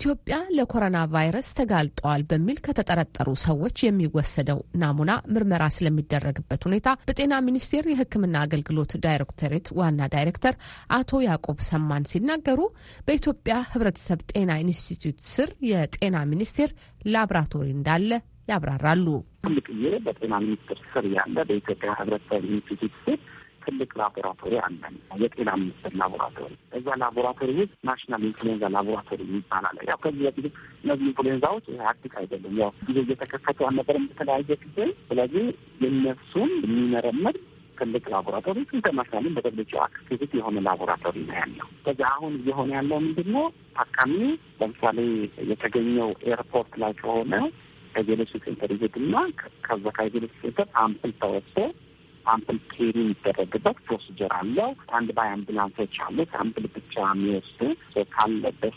S11: በኢትዮጵያ ለኮሮና ቫይረስ ተጋልጠዋል በሚል ከተጠረጠሩ ሰዎች የሚወሰደው ናሙና ምርመራ ስለሚደረግበት ሁኔታ በጤና ሚኒስቴር የሕክምና አገልግሎት ዳይሬክቶሬት ዋና ዳይሬክተር አቶ ያዕቆብ ሰማን ሲናገሩ በኢትዮጵያ ሕብረተሰብ ጤና ኢንስቲትዩት ስር የጤና ሚኒስቴር ላብራቶሪ እንዳለ ያብራራሉ።
S12: ትልቅዬ በጤና ሚኒስቴር ስር ያለ በኢትዮጵያ ሕብረተሰብ ኢንስቲትዩት ስር ትልቅ ላቦራቶሪ አለን፣ የጤና ሚኒስቴር ላቦራቶሪ። እዛ ላቦራቶሪ ውስጥ ናሽናል ኢንፍሉዌንዛ ላቦራቶሪ ይባላል። ያው ከዚህ በፊት እነዚህ ኢንፍሉዌንዛዎች አዲስ አይደለም፣ ያው ጊዜ እየተከሰቱ አልነበረም በተለያየ ጊዜ። ስለዚህ የነሱን የሚመረምር ትልቅ ላቦራቶሪ ኢንተርናሽናልን በደብልጭ አክቲቪት የሆነ ላቦራቶሪ ነው ያለው። ከዚያ አሁን እየሆነ ያለው ምንድን ነው? ታካሚ ለምሳሌ የተገኘው ኤርፖርት ላይ ከሆነ ከጄኔሲስ ሴንተር ይሄድና ከዛ ከጄኔሲስ ሴንተር አምፕል ተወስዶ አምፕል ኬሪ የሚደረግበት ፕሮሲጀር አለው። አንድ ባይ አምቡላንሶች አሉት። አምፕል ብቻ የሚወስዱ ካለበት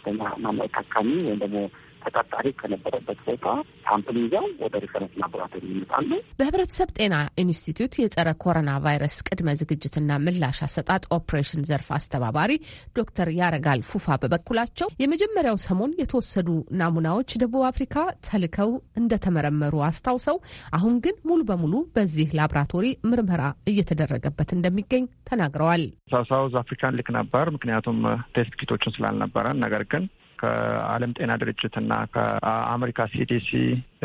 S12: ታካሚ ወይም ደግሞ ተጠርጣሪ ከነበረበት ቦታ ሳምፕል ይዘው ወደ ሪፈረንስ ላቦራቶሪ ይመጣሉ።
S11: በህብረተሰብ ጤና ኢንስቲትዩት የጸረ ኮሮና ቫይረስ ቅድመ ዝግጅትና ምላሽ አሰጣጥ ኦፕሬሽን ዘርፍ አስተባባሪ ዶክተር ያረጋል ፉፋ በበኩላቸው የመጀመሪያው ሰሞን የተወሰዱ ናሙናዎች ደቡብ አፍሪካ ተልከው እንደተመረመሩ አስታውሰው አሁን ግን ሙሉ በሙሉ በዚህ ላቦራቶሪ ምርመራ እየተደረገበት እንደሚገኝ
S13: ተናግረዋል። ሳውዝ አፍሪካን ልክ ነበር፣ ምክንያቱም ቴስት ኪቶችን ስላልነበረን ነገር ግን ከዓለም ጤና ድርጅት ከአሜሪካ ሲዲሲ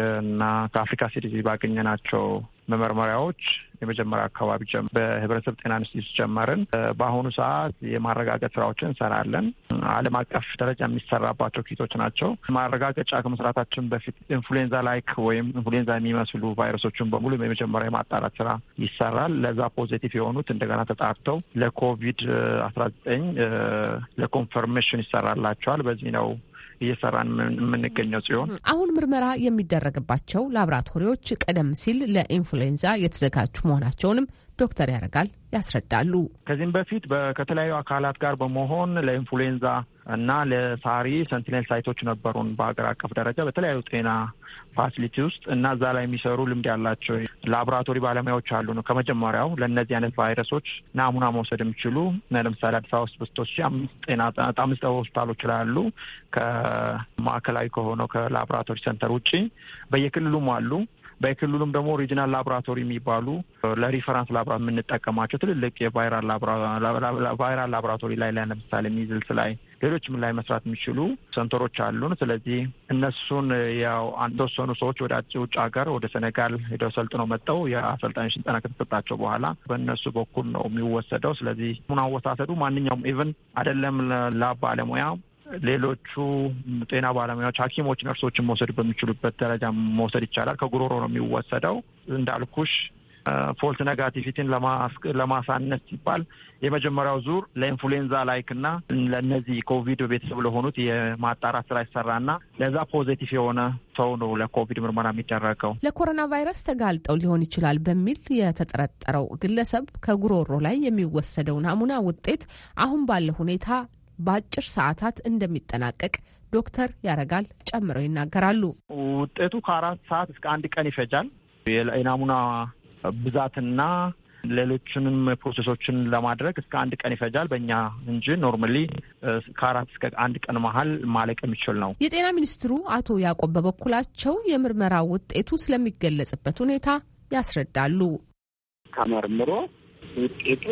S13: እና ከአፍሪካ ሲዲሲ ባገኘናቸው መመርመሪያዎች የመጀመሪያ አካባቢ በህብረተሰብ ጤና ኢንስቲትዩት ጀመርን። በአሁኑ ሰዓት የማረጋገጥ ስራዎችን እንሰራለን። ዓለም አቀፍ ደረጃ የሚሰራባቸው ኪቶች ናቸው። ማረጋገጫ ከመስራታችን በፊት ኢንፍሉዌንዛ ላይክ ወይም ኢንፍሉዌንዛ የሚመስሉ ቫይረሶችን በሙሉ የመጀመሪያ የማጣራት ስራ ይሰራል። ለዛ ፖዚቲቭ የሆኑት እንደገና ተጣርተው ለኮቪድ አስራ ዘጠኝ ለኮንፈርሜሽን ይሰራላቸዋል። በዚህ ነው እየሰራን የምንገኘው ሲሆን
S11: አሁን ምርመራ የሚደረግባቸው ላብራቶሪዎች ቀደም ሲል ለኢንፍሉዌንዛ የተዘጋጁ መሆናቸውንም ዶክተር ያረጋል ያስረዳሉ።
S13: ከዚህም በፊት ከተለያዩ አካላት ጋር በመሆን ለኢንፍሉዌንዛ እና ለሳሪ ሰንቲኔል ሳይቶች ነበሩን በሀገር አቀፍ ደረጃ በተለያዩ ጤና ፋሲሊቲ ውስጥ እና እዛ ላይ የሚሰሩ ልምድ ያላቸው ላቦራቶሪ ባለሙያዎች አሉ ነው ከመጀመሪያው ለእነዚህ አይነት ቫይረሶች ናሙና መውሰድ የሚችሉ ለምሳሌ አዲስ አበባ ውስጥ በስቶ ጤና አምስት ሆስፒታሎች ላይ አሉ ከማዕከላዊ ከሆነው ከላቦራቶሪ ሰንተር ውጪ በየክልሉም አሉ በክልሉም ደግሞ ኦሪጂናል ላቦራቶሪ የሚባሉ ለሪፈራንስ ላብራ የምንጠቀማቸው ትልልቅ የቫይራል ላቦራቶሪ ላይ ላይ ለምሳሌ ሚዝልስ ላይ ሌሎችም ላይ መስራት የሚችሉ ሰንተሮች አሉን። ስለዚህ እነሱን ያው አንተወሰኑ ሰዎች ወደ ውጭ ሀገር ወደ ሴኔጋል ሄደው ሰልጥነው መጠው የአሰልጣኝ ስልጠና ከተሰጣቸው በኋላ በእነሱ በኩል ነው የሚወሰደው። ስለዚህ ሙን አወሳሰዱ ማንኛውም ኢቨን አይደለም ላብ ባለሙያ ሌሎቹ ጤና ባለሙያዎች፣ ሐኪሞች፣ ነርሶችን መውሰድ በሚችሉበት ደረጃ መውሰድ ይቻላል። ከጉሮሮ ነው የሚወሰደው እንዳልኩሽ ፎልስ ነጋቲቪቲን ለማሳነስ ሲባል የመጀመሪያው ዙር ለኢንፍሉዌንዛ ላይክ እና ለእነዚህ ኮቪድ ቤተሰብ ለሆኑት የማጣራት ስራ ይሰራና ለዛ ፖዚቲቭ የሆነ ሰው ነው ለኮቪድ ምርመራ የሚደረገው።
S11: ለኮሮና ቫይረስ ተጋልጠው ሊሆን ይችላል በሚል የተጠረጠረው ግለሰብ ከጉሮሮ ላይ የሚወሰደው ናሙና ውጤት አሁን ባለ ሁኔታ በአጭር ሰዓታት እንደሚጠናቀቅ ዶክተር ያረጋል ጨምረው ይናገራሉ።
S13: ውጤቱ ከአራት ሰዓት እስከ አንድ ቀን ይፈጃል። የናሙና ብዛትና ሌሎችንም ፕሮሴሶችን ለማድረግ እስከ አንድ ቀን ይፈጃል በእኛ እንጂ ኖርማሊ ከአራት እስከ አንድ ቀን መሀል ማለቅ የሚችል ነው።
S11: የጤና ሚኒስትሩ አቶ ያዕቆብ በበኩላቸው የምርመራ ውጤቱ ስለሚገለጽበት ሁኔታ ያስረዳሉ።
S12: ተመርምሮ ውጤቱ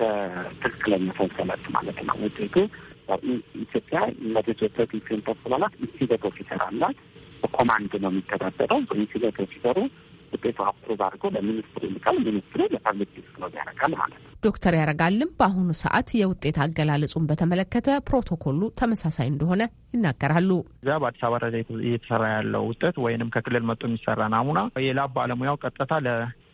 S12: በትክክለኛ ሰንሰለት ማለት ነው። ውጤቱ ኢትዮጵያ ለጀጀበት ኢንሲደንት አስተላላት ኢንሲደንት ኦፊሰር አላት። በኮማንድ ነው የሚተዳደረው። በኢንሲደንት ኦፊሰሩ ውጤቱ አፕሩቭ አድርገው ለሚኒስትሩ ይልካል። ሚኒስትሩ ለፐብሊክ ዲስክሎዝ ያደርጋል ማለት ነው።
S13: ዶክተር
S11: ያረጋልም በአሁኑ ሰዓት የውጤት አገላለጹን በተመለከተ ፕሮቶኮሉ ተመሳሳይ እንደሆነ ይናገራሉ።
S13: እዚያ በአዲስ አበባ ደረጃ እየተሰራ ያለው ውጤት ወይንም ከክልል መጡ የሚሰራ ናሙና የላብ ባለሙያው ቀጥታ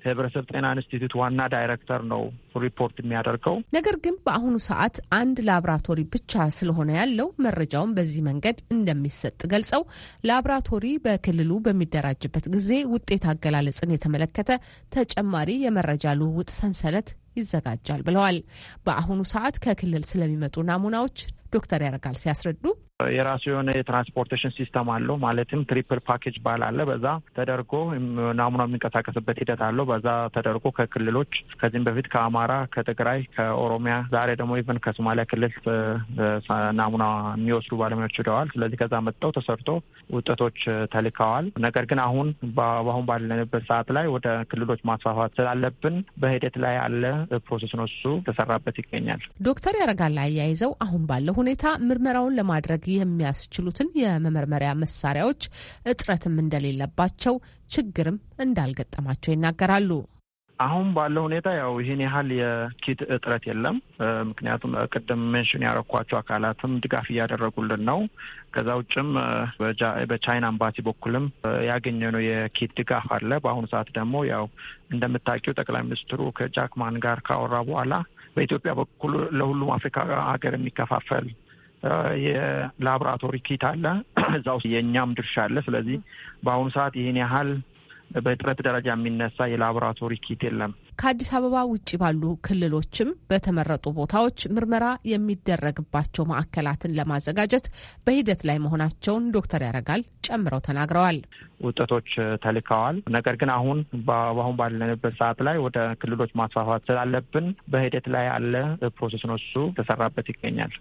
S13: የህብረተሰብ ጤና ኢንስቲትዩት ዋና ዳይሬክተር ነው ሪፖርት የሚያደርገው።
S11: ነገር ግን በአሁኑ ሰዓት አንድ ላብራቶሪ ብቻ ስለሆነ ያለው መረጃውን በዚህ መንገድ እንደሚሰጥ ገልጸው ላብራቶሪ በክልሉ በሚደራጅበት ጊዜ ውጤት አገላለጽን የተመለከተ ተጨማሪ የመረጃ ልውውጥ ሰንሰለት ይዘጋጃል ብለዋል። በአሁኑ ሰዓት ከክልል ስለሚመጡ ናሙናዎች ዶክተር ያረጋል ሲያስረዱ
S13: የራሱ የሆነ የትራንስፖርቴሽን ሲስተም አለው። ማለትም ትሪፕል ፓኬጅ ባል አለ። በዛ ተደርጎ ናሙና የሚንቀሳቀስበት ሂደት አለው። በዛ ተደርጎ ከክልሎች ከዚህም በፊት ከአማራ፣ ከትግራይ፣ ከኦሮሚያ ዛሬ ደግሞ ኢቨን ከሶማሊያ ክልል ናሙና የሚወስዱ ባለሙያዎች ሂደዋል። ስለዚህ ከዛ መጥተው ተሰርቶ ውጤቶች ተልከዋል። ነገር ግን አሁን በአሁን ባለንበት ሰዓት ላይ ወደ ክልሎች ማስፋፋት ስላለብን በሂደት ላይ ያለ ፕሮሰስ ነው። እሱ ተሰራበት ይገኛል።
S11: ዶክተር ያረጋል አያይዘው አሁን ባለው ሁኔታ ምርመራውን ለማድረግ የሚያስችሉትን የመመርመሪያ መሳሪያዎች እጥረትም እንደሌለባቸው ችግርም እንዳልገጠማቸው ይናገራሉ።
S13: አሁን ባለው ሁኔታ ያው ይህን ያህል የኪት እጥረት የለም። ምክንያቱም ቅድም ሜንሽን ያረኳቸው አካላትም ድጋፍ እያደረጉልን ነው። ከዛ ውጭም በቻይና አምባሲ በኩልም ያገኘነው የኪት ድጋፍ አለ። በአሁኑ ሰዓት ደግሞ ያው እንደምታውቂው ጠቅላይ ሚኒስትሩ ከጃክማን ጋር ካወራ በኋላ በኢትዮጵያ በኩል ለሁሉም አፍሪካ ሀገር የሚከፋፈል የላቦራቶሪ ኪት አለ። እዛ ውስጥ የእኛም ድርሻ አለ። ስለዚህ በአሁኑ ሰዓት ይህን ያህል በጥረት ደረጃ የሚነሳ የላቦራቶሪ ኪት የለም።
S11: ከአዲስ አበባ ውጭ ባሉ ክልሎችም በተመረጡ ቦታዎች ምርመራ የሚደረግባቸው ማዕከላትን ለማዘጋጀት በሂደት ላይ መሆናቸውን ዶክተር ያረጋል ጨምረው ተናግረዋል።
S13: ውጤቶች ተልከዋል። ነገር ግን አሁን በአሁን ባለንበት ሰዓት ላይ ወደ ክልሎች ማስፋፋት ስላለብን በሂደት ላይ ያለ ፕሮሴስ ነው። እሱ ተሰራበት ይገኛል።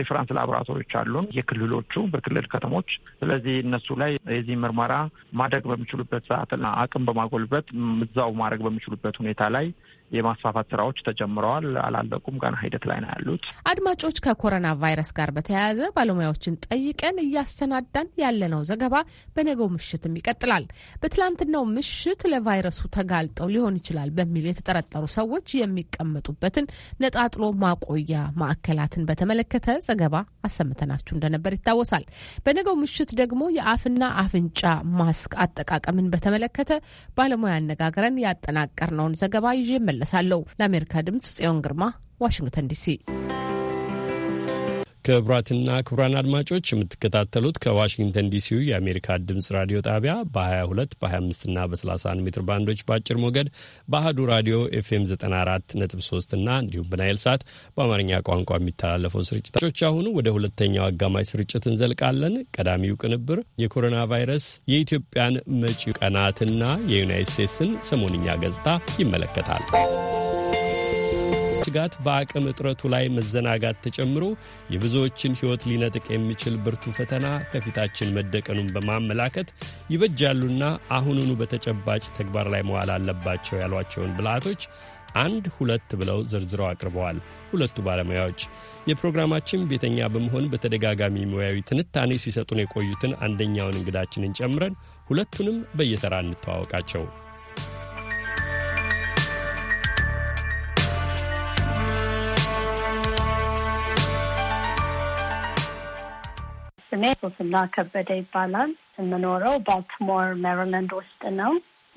S13: ሬፈራንስ ላቦራቶሪዎች አሉን የክልሎቹ በክልል ከተሞች። ስለዚህ እነሱ ላይ የዚህ ምርመራ ማድረግ በሚችሉበት ሰዓት አቅም በማጎልበት እዛው ማድረግ በሚችሉበት ሁኔታ ላይ የማስፋፋት ስራዎች ተጀምረዋል፣ አላለቁም፣ ገና ሂደት ላይ ነው ያሉት።
S11: አድማጮች፣ ከኮሮና ቫይረስ ጋር በተያያዘ ባለሙያዎችን ጠይቀን እያሰናዳን ያለነው ዘገባ በነገው ምሽትም ይቀጥላል። በትላንትናው ምሽት ለቫይረሱ ተጋልጠው ሊሆን ይችላል በሚል የተጠረጠሩ ሰዎች የሚቀመጡበትን ነጣጥሎ ማቆያ ማዕከላትን በተመለከተ ዘገባ አሰምተናችሁ እንደነበር ይታወሳል። በነገው ምሽት ደግሞ የአፍና አፍንጫ ማስክ አጠቃቀምን በተመለከተ ባለሙያ አነጋግረን ያጠናቀርነውን ዘገባ ይዤ መለ እመለሳለሁ። ለአሜሪካ ድምጽ ጽዮን ግርማ ዋሽንግተን ዲሲ
S1: ክቡራትና ክቡራን አድማጮች የምትከታተሉት ከዋሽንግተን ዲሲው የአሜሪካ ድምፅ ራዲዮ ጣቢያ በ22 በ25ና በ31 ሜትር ባንዶች በአጭር ሞገድ በአህዱ ራዲዮ ኤፍኤም 94.3 እና እንዲሁም በናይል ሳት በአማርኛ ቋንቋ የሚተላለፈው ስርጭታቾች አሁኑ ወደ ሁለተኛው አጋማሽ ስርጭት እንዘልቃለን። ቀዳሚው ቅንብር የኮሮና ቫይረስ የኢትዮጵያን መጪ ቀናትና የዩናይት ስቴትስን ሰሞንኛ ገጽታ ይመለከታል። ስጋት በአቅም እጥረቱ ላይ መዘናጋት ተጨምሮ የብዙዎችን ሕይወት ሊነጥቅ የሚችል ብርቱ ፈተና ከፊታችን መደቀኑን በማመላከት ይበጃሉና አሁኑኑ በተጨባጭ ተግባር ላይ መዋል አለባቸው ያሏቸውን ብልሃቶች አንድ ሁለት ብለው ዘርዝረው አቅርበዋል። ሁለቱ ባለሙያዎች የፕሮግራማችን ቤተኛ በመሆን በተደጋጋሚ ሙያዊ ትንታኔ ሲሰጡን የቆዩትን አንደኛውን እንግዳችንን ጨምረን ሁለቱንም በየተራ እንተዋወቃቸው።
S2: ስሜ ሶስና ከበደ ይባላል። የምኖረው ባልቲሞር ሜሪላንድ ውስጥ ነው።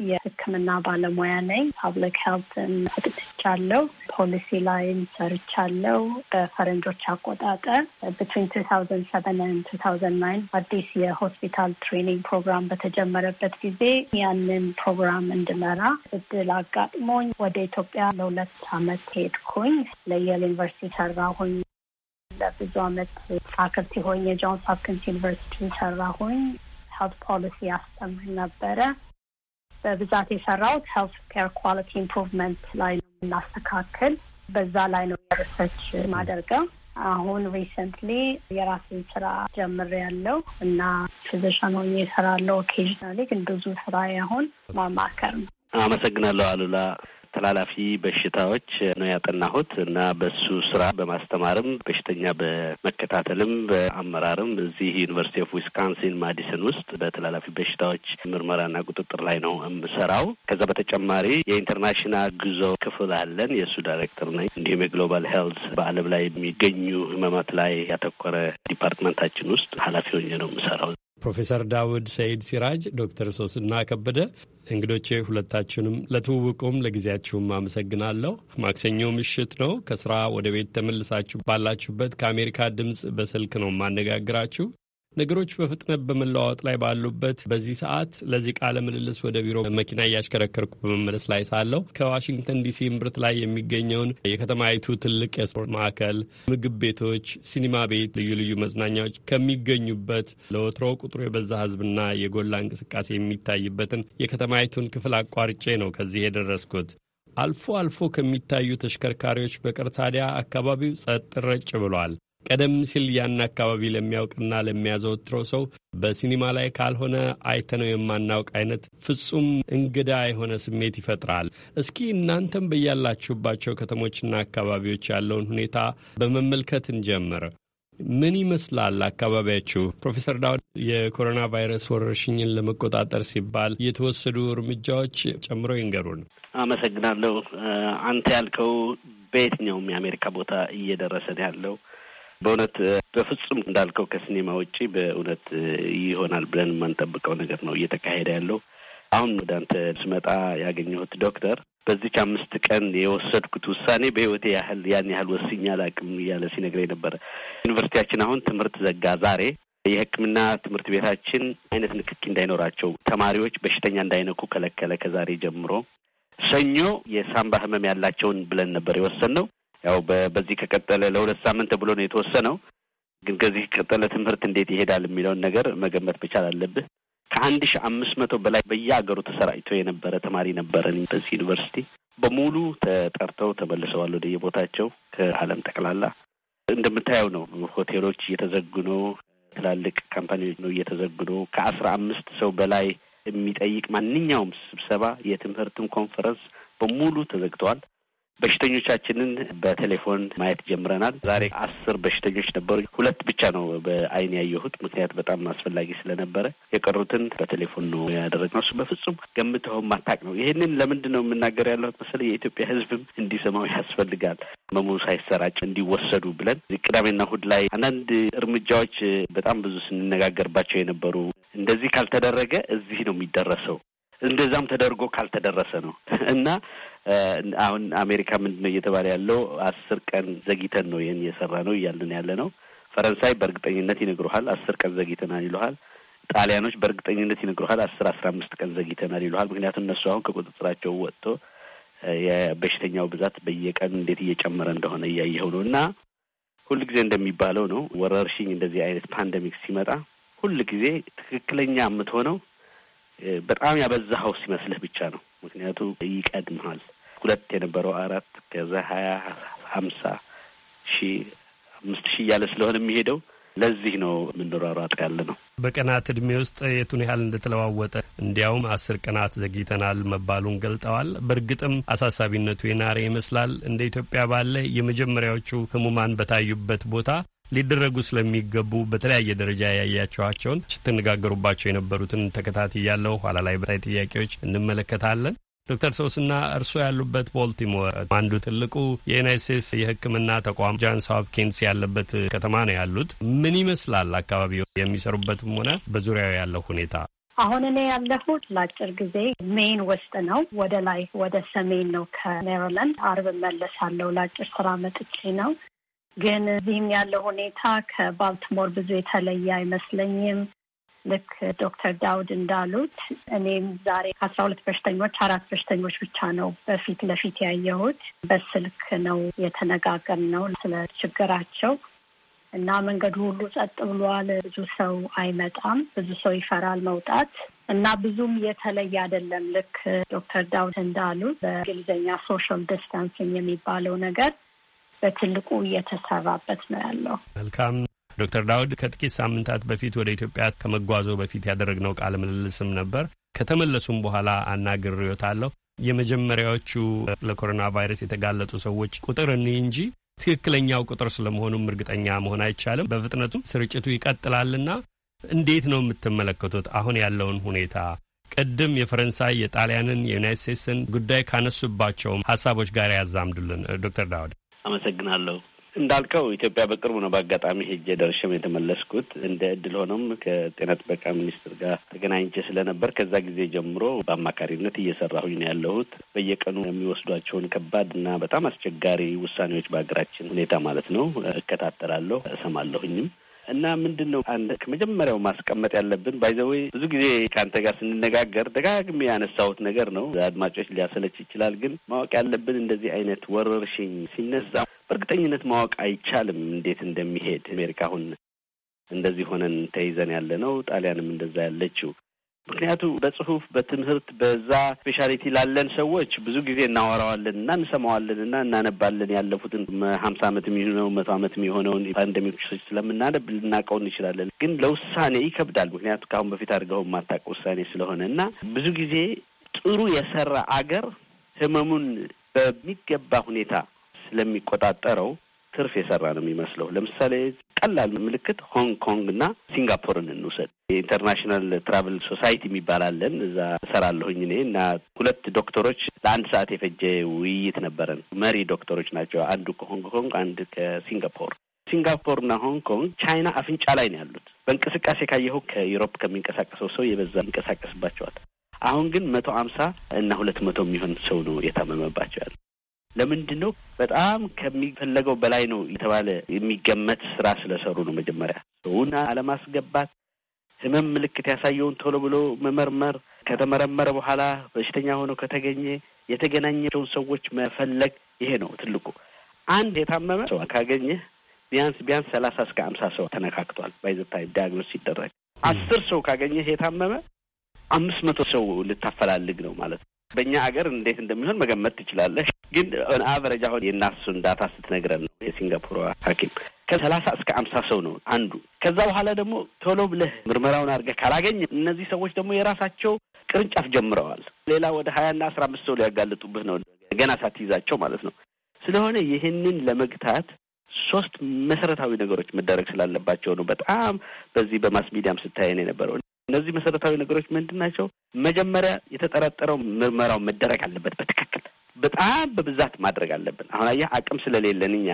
S2: የሕክምና ባለሙያ ነኝ። ፓብሊክ ሄልትን አጥንቻለሁ። ፖሊሲ ላይም ሰርቻለሁ። በፈረንጆች አቆጣጠር ብትዊን ቱ ታውዘንድ ሰቨን ኤንድ ቱ ታውዘንድ ናይን አዲስ የሆስፒታል ትሬኒንግ ፕሮግራም በተጀመረበት ጊዜ ያንን ፕሮግራም እንድመራ እድል አጋጥሞኝ ወደ ኢትዮጵያ ለሁለት አመት ሄድኩኝ። ለየል ዩኒቨርሲቲ ሰራሁኝ። ለብዙ አመት ፋክልቲ ሆኜ ጆንስ ሆፕኪንስ ዩኒቨርሲቲ ሰራሁኝ። ሄልት ፖሊሲ አስተምር ነበረ። በብዛት የሰራሁት ሄልት ኬር ኳሊቲ ኢምፕሩቭመንት ላይ ነው የምናስተካክል፣ በዛ ላይ ነው ሪሰርች ማደርገው። አሁን ሪሰንትሊ የራሴን ስራ ጀምር ያለው እና ፊዚሽን ሆኜ እሰራለሁ። ኦኬዥናሊ ግን ብዙ ስራ አሁን ማማከር ነው።
S7: አመሰግናለሁ አሉላ። ተላላፊ በሽታዎች ነው ያጠናሁት እና በሱ ስራ በማስተማርም በሽተኛ በመከታተልም በአመራርም እዚህ ዩኒቨርሲቲ ኦፍ ዊስካንሲን ማዲሰን ውስጥ በተላላፊ በሽታዎች ምርመራና ቁጥጥር ላይ ነው የምሰራው። ከዛ በተጨማሪ የኢንተርናሽናል ጉዞ ክፍል አለን፣ የእሱ ዳይሬክተር ነኝ። እንዲሁም የግሎባል ሄልት በዓለም ላይ የሚገኙ ህመማት ላይ ያተኮረ ዲፓርትመንታችን ውስጥ ኃላፊ ሆኜ ነው የምሰራው።
S1: ፕሮፌሰር ዳውድ ሰይድ ሲራጅ፣ ዶክተር ሶስና ከበደ እንግዶቼ ሁለታችሁንም ለትውውቁም ለጊዜያችሁም አመሰግናለሁ። ማክሰኞ ምሽት ነው። ከስራ ወደ ቤት ተመልሳችሁ ባላችሁበት ከአሜሪካ ድምፅ በስልክ ነው የማነጋግራችሁ። ነገሮች በፍጥነት በመለዋወጥ ላይ ባሉበት በዚህ ሰዓት ለዚህ ቃለ ምልልስ ወደ ቢሮ መኪና እያሽከረከርኩ በመመለስ ላይ ሳለው ከዋሽንግተን ዲሲ እምብርት ላይ የሚገኘውን የከተማይቱ ትልቅ የስፖርት ማዕከል፣ ምግብ ቤቶች፣ ሲኒማ ቤት፣ ልዩ ልዩ መዝናኛዎች ከሚገኙበት ለወትሮ ቁጥሩ የበዛ ህዝብና የጎላ እንቅስቃሴ የሚታይበትን የከተማይቱን ክፍል አቋርጬ ነው ከዚህ የደረስኩት። አልፎ አልፎ ከሚታዩ ተሽከርካሪዎች በቀር ታዲያ አካባቢው ጸጥ ረጭ ብሏል። ቀደም ሲል ያን አካባቢ ለሚያውቅና ለሚያዘወትረው ሰው በሲኒማ ላይ ካልሆነ አይተነው የማናውቅ አይነት ፍጹም እንግዳ የሆነ ስሜት ይፈጥራል። እስኪ እናንተም በያላችሁባቸው ከተሞችና አካባቢዎች ያለውን ሁኔታ በመመልከት እንጀምር። ምን ይመስላል አካባቢያችሁ? ፕሮፌሰር ዳውድ የኮሮና ቫይረስ ወረርሽኝን ለመቆጣጠር ሲባል የተወሰዱ እርምጃዎች ጨምሮ ይንገሩን።
S7: አመሰግናለሁ። አንተ ያልከው በየትኛውም የአሜሪካ ቦታ እየደረሰን ያለው በእውነት በፍጹም እንዳልከው ከሲኔማ ውጪ በእውነት ይሆናል ብለን የማንጠብቀው ነገር ነው እየተካሄደ ያለው። አሁን ወደ አንተ ስመጣ ያገኘሁት ዶክተር በዚች አምስት ቀን የወሰድኩት ውሳኔ በህይወቴ ያህል ያን ያህል ወስኜ አላውቅም እያለ ሲነግረኝ ነበረ። ዩኒቨርሲቲያችን አሁን ትምህርት ዘጋ ዛሬ የሕክምና ትምህርት ቤታችን አይነት ንክኪ እንዳይኖራቸው ተማሪዎች በሽተኛ እንዳይነኩ ከለከለ። ከዛሬ ጀምሮ ሰኞ የሳምባ ህመም ያላቸውን ብለን ነበር የወሰን ነው ያው በዚህ ከቀጠለ ለሁለት ሳምንት ብሎ ነው የተወሰነው። ግን ከዚህ ከቀጠለ ትምህርት እንዴት ይሄዳል የሚለውን ነገር መገመት መቻል አለብህ። ከአንድ ሺ አምስት መቶ በላይ በየሀገሩ ተሰራጭቶ የነበረ ተማሪ ነበረ በዚህ ዩኒቨርሲቲ። በሙሉ ተጠርተው ተመልሰዋል ወደየቦታቸው ከዓለም ጠቅላላ እንደምታየው ነው። ሆቴሎች እየተዘጉ ነው። ትላልቅ ካምፓኒዎች ነው እየተዘጉ ነው። ከአስራ አምስት ሰው በላይ የሚጠይቅ ማንኛውም ስብሰባ የትምህርትም ኮንፈረንስ በሙሉ ተዘግተዋል። በሽተኞቻችንን በቴሌፎን ማየት ጀምረናል። ዛሬ አስር በሽተኞች ነበሩ። ሁለት ብቻ ነው በአይን ያየሁት፣ ምክንያት በጣም አስፈላጊ ስለነበረ የቀሩትን በቴሌፎን ነው ያደረግነው። እሱ በፍጹም ገምተውም ማታቅ ነው። ይህንን ለምንድን ነው የምናገር ያለሁት መሰለኝ የኢትዮጵያ ሕዝብም እንዲሰማው ያስፈልጋል። መሙ ሳይሰራጭ እንዲወሰዱ ብለን ቅዳሜና እሑድ ላይ አንዳንድ እርምጃዎች በጣም ብዙ ስንነጋገርባቸው የነበሩ እንደዚህ ካልተደረገ እዚህ ነው የሚደረሰው እንደዛም ተደርጎ ካልተደረሰ ነው እና አሁን አሜሪካ ምንድን ነው እየተባለ ያለው አስር ቀን ዘግይተን ነው ይህን እየሰራ ነው እያልን ያለ ነው። ፈረንሳይ በእርግጠኝነት ይነግሩሃል፣ አስር ቀን ዘግይተናል ይሉሃል። ጣሊያኖች በእርግጠኝነት ይነግሩሃል፣ አስር አስራ አምስት ቀን ዘግይተናል ይሉሃል። ምክንያቱም እነሱ አሁን ከቁጥጥራቸው ወጥቶ የበሽተኛው ብዛት በየቀን እንዴት እየጨመረ እንደሆነ እያየው ነው። እና ሁልጊዜ እንደሚባለው ነው ወረርሽኝ እንደዚህ አይነት ፓንደሚክ ሲመጣ ጊዜ ትክክለኛ የምትሆነው በጣም ያበዛኸው ሲመስልህ ብቻ ነው። ምክንያቱ ይቀድምሃል። ሁለት የነበረው አራት ከዛ ሀያ ሀምሳ ሺ አምስት ሺ እያለ ስለሆነ የሚሄደው ለዚህ ነው የምንሯሯጥ
S1: ያለ ነው። በቀናት እድሜ ውስጥ የቱን ያህል እንደተለዋወጠ እንዲያውም አስር ቀናት ዘግይተናል መባሉን ገልጠዋል። በእርግጥም አሳሳቢነቱ የናረ ይመስላል። እንደ ኢትዮጵያ ባለ የመጀመሪያዎቹ ህሙማን በታዩበት ቦታ ሊደረጉ ስለሚገቡ በተለያየ ደረጃ ያያቸዋቸውን ስትነጋገሩባቸው የነበሩትን ተከታትያለሁ። ኋላ ላይ በታይ ጥያቄዎች እንመለከታለን። ዶክተር ሶስና እርስዎ ያሉበት ቦልቲሞር አንዱ ትልቁ የዩናይት ስቴትስ የሕክምና ተቋም ጃንስ ሆፕኪንስ ያለበት ከተማ ነው ያሉት። ምን ይመስላል አካባቢው የሚሰሩበትም ሆነ በዙሪያው ያለው ሁኔታ?
S2: አሁን እኔ ያለሁት ለአጭር ጊዜ ሜይን ውስጥ ነው። ወደ ላይ ወደ ሰሜን ነው ከሜሪላንድ። አርብ መለሳለሁ። ለአጭር ስራ መጥቼ ነው። ግን እዚህም ያለው ሁኔታ ከባልቲሞር ብዙ የተለየ አይመስለኝም። ልክ ዶክተር ዳውድ እንዳሉት እኔም ዛሬ ከአስራ ሁለት በሽተኞች አራት በሽተኞች ብቻ ነው በፊት ለፊት ያየሁት። በስልክ ነው የተነጋገርነው ስለ ችግራቸው እና መንገዱ ሁሉ ጸጥ ብሏል። ብዙ ሰው አይመጣም። ብዙ ሰው ይፈራል መውጣት እና ብዙም የተለየ አይደለም። ልክ ዶክተር ዳውድ እንዳሉት በእንግሊዝኛ ሶሻል ዲስታንሲንግ የሚባለው ነገር በትልቁ እየተሰራበት ነው ያለው።
S1: መልካም ዶክተር ዳውድ ከጥቂት ሳምንታት በፊት ወደ ኢትዮጵያ ከመጓዞ በፊት ያደረግነው ቃለ ምልልስም ነበር። ከተመለሱም በኋላ አናግሬዎታለሁ። የመጀመሪያዎቹ ለኮሮና ቫይረስ የተጋለጡ ሰዎች ቁጥር እኒህ እንጂ ትክክለኛው ቁጥር ስለመሆኑም እርግጠኛ መሆን አይቻልም። በፍጥነቱም ስርጭቱ ይቀጥላልና እንዴት ነው የምትመለከቱት አሁን ያለውን ሁኔታ? ቅድም የፈረንሳይ የጣሊያንን፣ የዩናይት ስቴትስን ጉዳይ ካነሱባቸውም ሀሳቦች ጋር ያዛምዱልን ዶክተር ዳውድ።
S7: አመሰግናለሁ። እንዳልከው ኢትዮጵያ በቅርቡ ነው በአጋጣሚ ሄጄ ደርሼም የተመለስኩት። እንደ እድል ሆኖም ከጤና ጥበቃ ሚኒስትር ጋር ተገናኝቼ ስለነበር ከዛ ጊዜ ጀምሮ በአማካሪነት እየሰራሁኝ ነው ያለሁት። በየቀኑ የሚወስዷቸውን ከባድ እና በጣም አስቸጋሪ ውሳኔዎች በሀገራችን ሁኔታ ማለት ነው እከታተላለሁ፣ እሰማለሁኝም። እና ምንድን ነው አንድ ከመጀመሪያው ማስቀመጥ ያለብን ባይዘወይ ብዙ ጊዜ ከአንተ ጋር ስንነጋገር ደጋግሜ ያነሳሁት ነገር ነው። አድማጮች ሊያሰለች ይችላል፣ ግን ማወቅ ያለብን እንደዚህ አይነት ወረርሽኝ ሲነሳ በእርግጠኝነት ማወቅ አይቻልም እንዴት እንደሚሄድ። አሜሪካ አሁን እንደዚህ ሆነን ተይዘን ያለ ነው። ጣሊያንም እንደዛ ያለችው ምክንያቱ በጽሁፍ በትምህርት በዛ ስፔሻሊቲ ላለን ሰዎች ብዙ ጊዜ እናወራዋለን እና እንሰማዋለን እና እናነባለን ያለፉትን ሀምሳ አመት የሚሆነው መቶ አመት የሚሆነውን ፓንደሚክ ስለምናነብ ልናቀው እንችላለን። ግን ለውሳኔ ይከብዳል። ምክንያቱ ከአሁን በፊት አድርገው የማታውቅ ውሳኔ ስለሆነ እና ብዙ ጊዜ ጥሩ የሰራ አገር ህመሙን በሚገባ ሁኔታ ስለሚቆጣጠረው ትርፍ የሰራ ነው የሚመስለው። ለምሳሌ ቀላል ምልክት ሆንግ ኮንግ እና ሲንጋፖርን እንውሰድ። የኢንተርናሽናል ትራቭል ሶሳይቲ የሚባላለን እዛ እሰራለሁኝ እኔ እና ሁለት ዶክተሮች ለአንድ ሰዓት የፈጀ ውይይት ነበረን። መሪ ዶክተሮች ናቸው። አንዱ ከሆንግ ኮንግ፣ አንድ ከሲንጋፖር። ሲንጋፖር እና ሆንግ ኮንግ ቻይና አፍንጫ ላይ ነው ያሉት። በእንቅስቃሴ ካየሁ ከዩሮፕ ከሚንቀሳቀሰው ሰው የበዛ ይንቀሳቀስባቸዋል። አሁን ግን መቶ አምሳ እና ሁለት መቶ የሚሆን ሰው ነው የታመመባቸው ያለ ለምንድን ነው በጣም ከሚፈለገው በላይ ነው የተባለ የሚገመት ስራ ስለሰሩ ነው። መጀመሪያ ሰውን አለማስገባት፣ ህመም ምልክት ያሳየውን ቶሎ ብሎ መመርመር፣ ከተመረመረ በኋላ በሽተኛ ሆኖ ከተገኘ የተገናኘቸውን ሰዎች መፈለግ፣ ይሄ ነው ትልቁ። አንድ የታመመ ሰው ካገኘ ቢያንስ ቢያንስ ሰላሳ እስከ አምሳ ሰው ተነካክቷል። ባይዘታይ ዲያግኖስ ሲደረግ አስር ሰው ካገኘህ የታመመ አምስት መቶ ሰው ልታፈላልግ ነው ማለት ነው። በእኛ ሀገር እንዴት እንደሚሆን መገመት ትችላለህ። ግን አበረጃ አሁን የእናሱን ዳታ ስትነግረን ነው የሲንጋፖሯ ሐኪም ከሰላሳ እስከ አምሳ ሰው ነው አንዱ። ከዛ በኋላ ደግሞ ቶሎ ብለህ ምርመራውን አድርገህ ካላገኝ እነዚህ ሰዎች ደግሞ የራሳቸው ቅርንጫፍ ጀምረዋል። ሌላ ወደ ሀያና አስራ አምስት ሰው ሊያጋልጡብህ ነው ገና ሳትይዛቸው ማለት ነው። ስለሆነ ይህንን ለመግታት ሶስት መሰረታዊ ነገሮች መደረግ ስላለባቸው ነው። በጣም በዚህ በማስ ሚዲያም ስታየን የነበረው። እነዚህ መሰረታዊ ነገሮች ምንድን ናቸው? መጀመሪያ የተጠረጠረው ምርመራው መደረግ አለበት። በትክክል በጣም በብዛት ማድረግ አለብን። አሁን አየህ አቅም ስለሌለን እኛ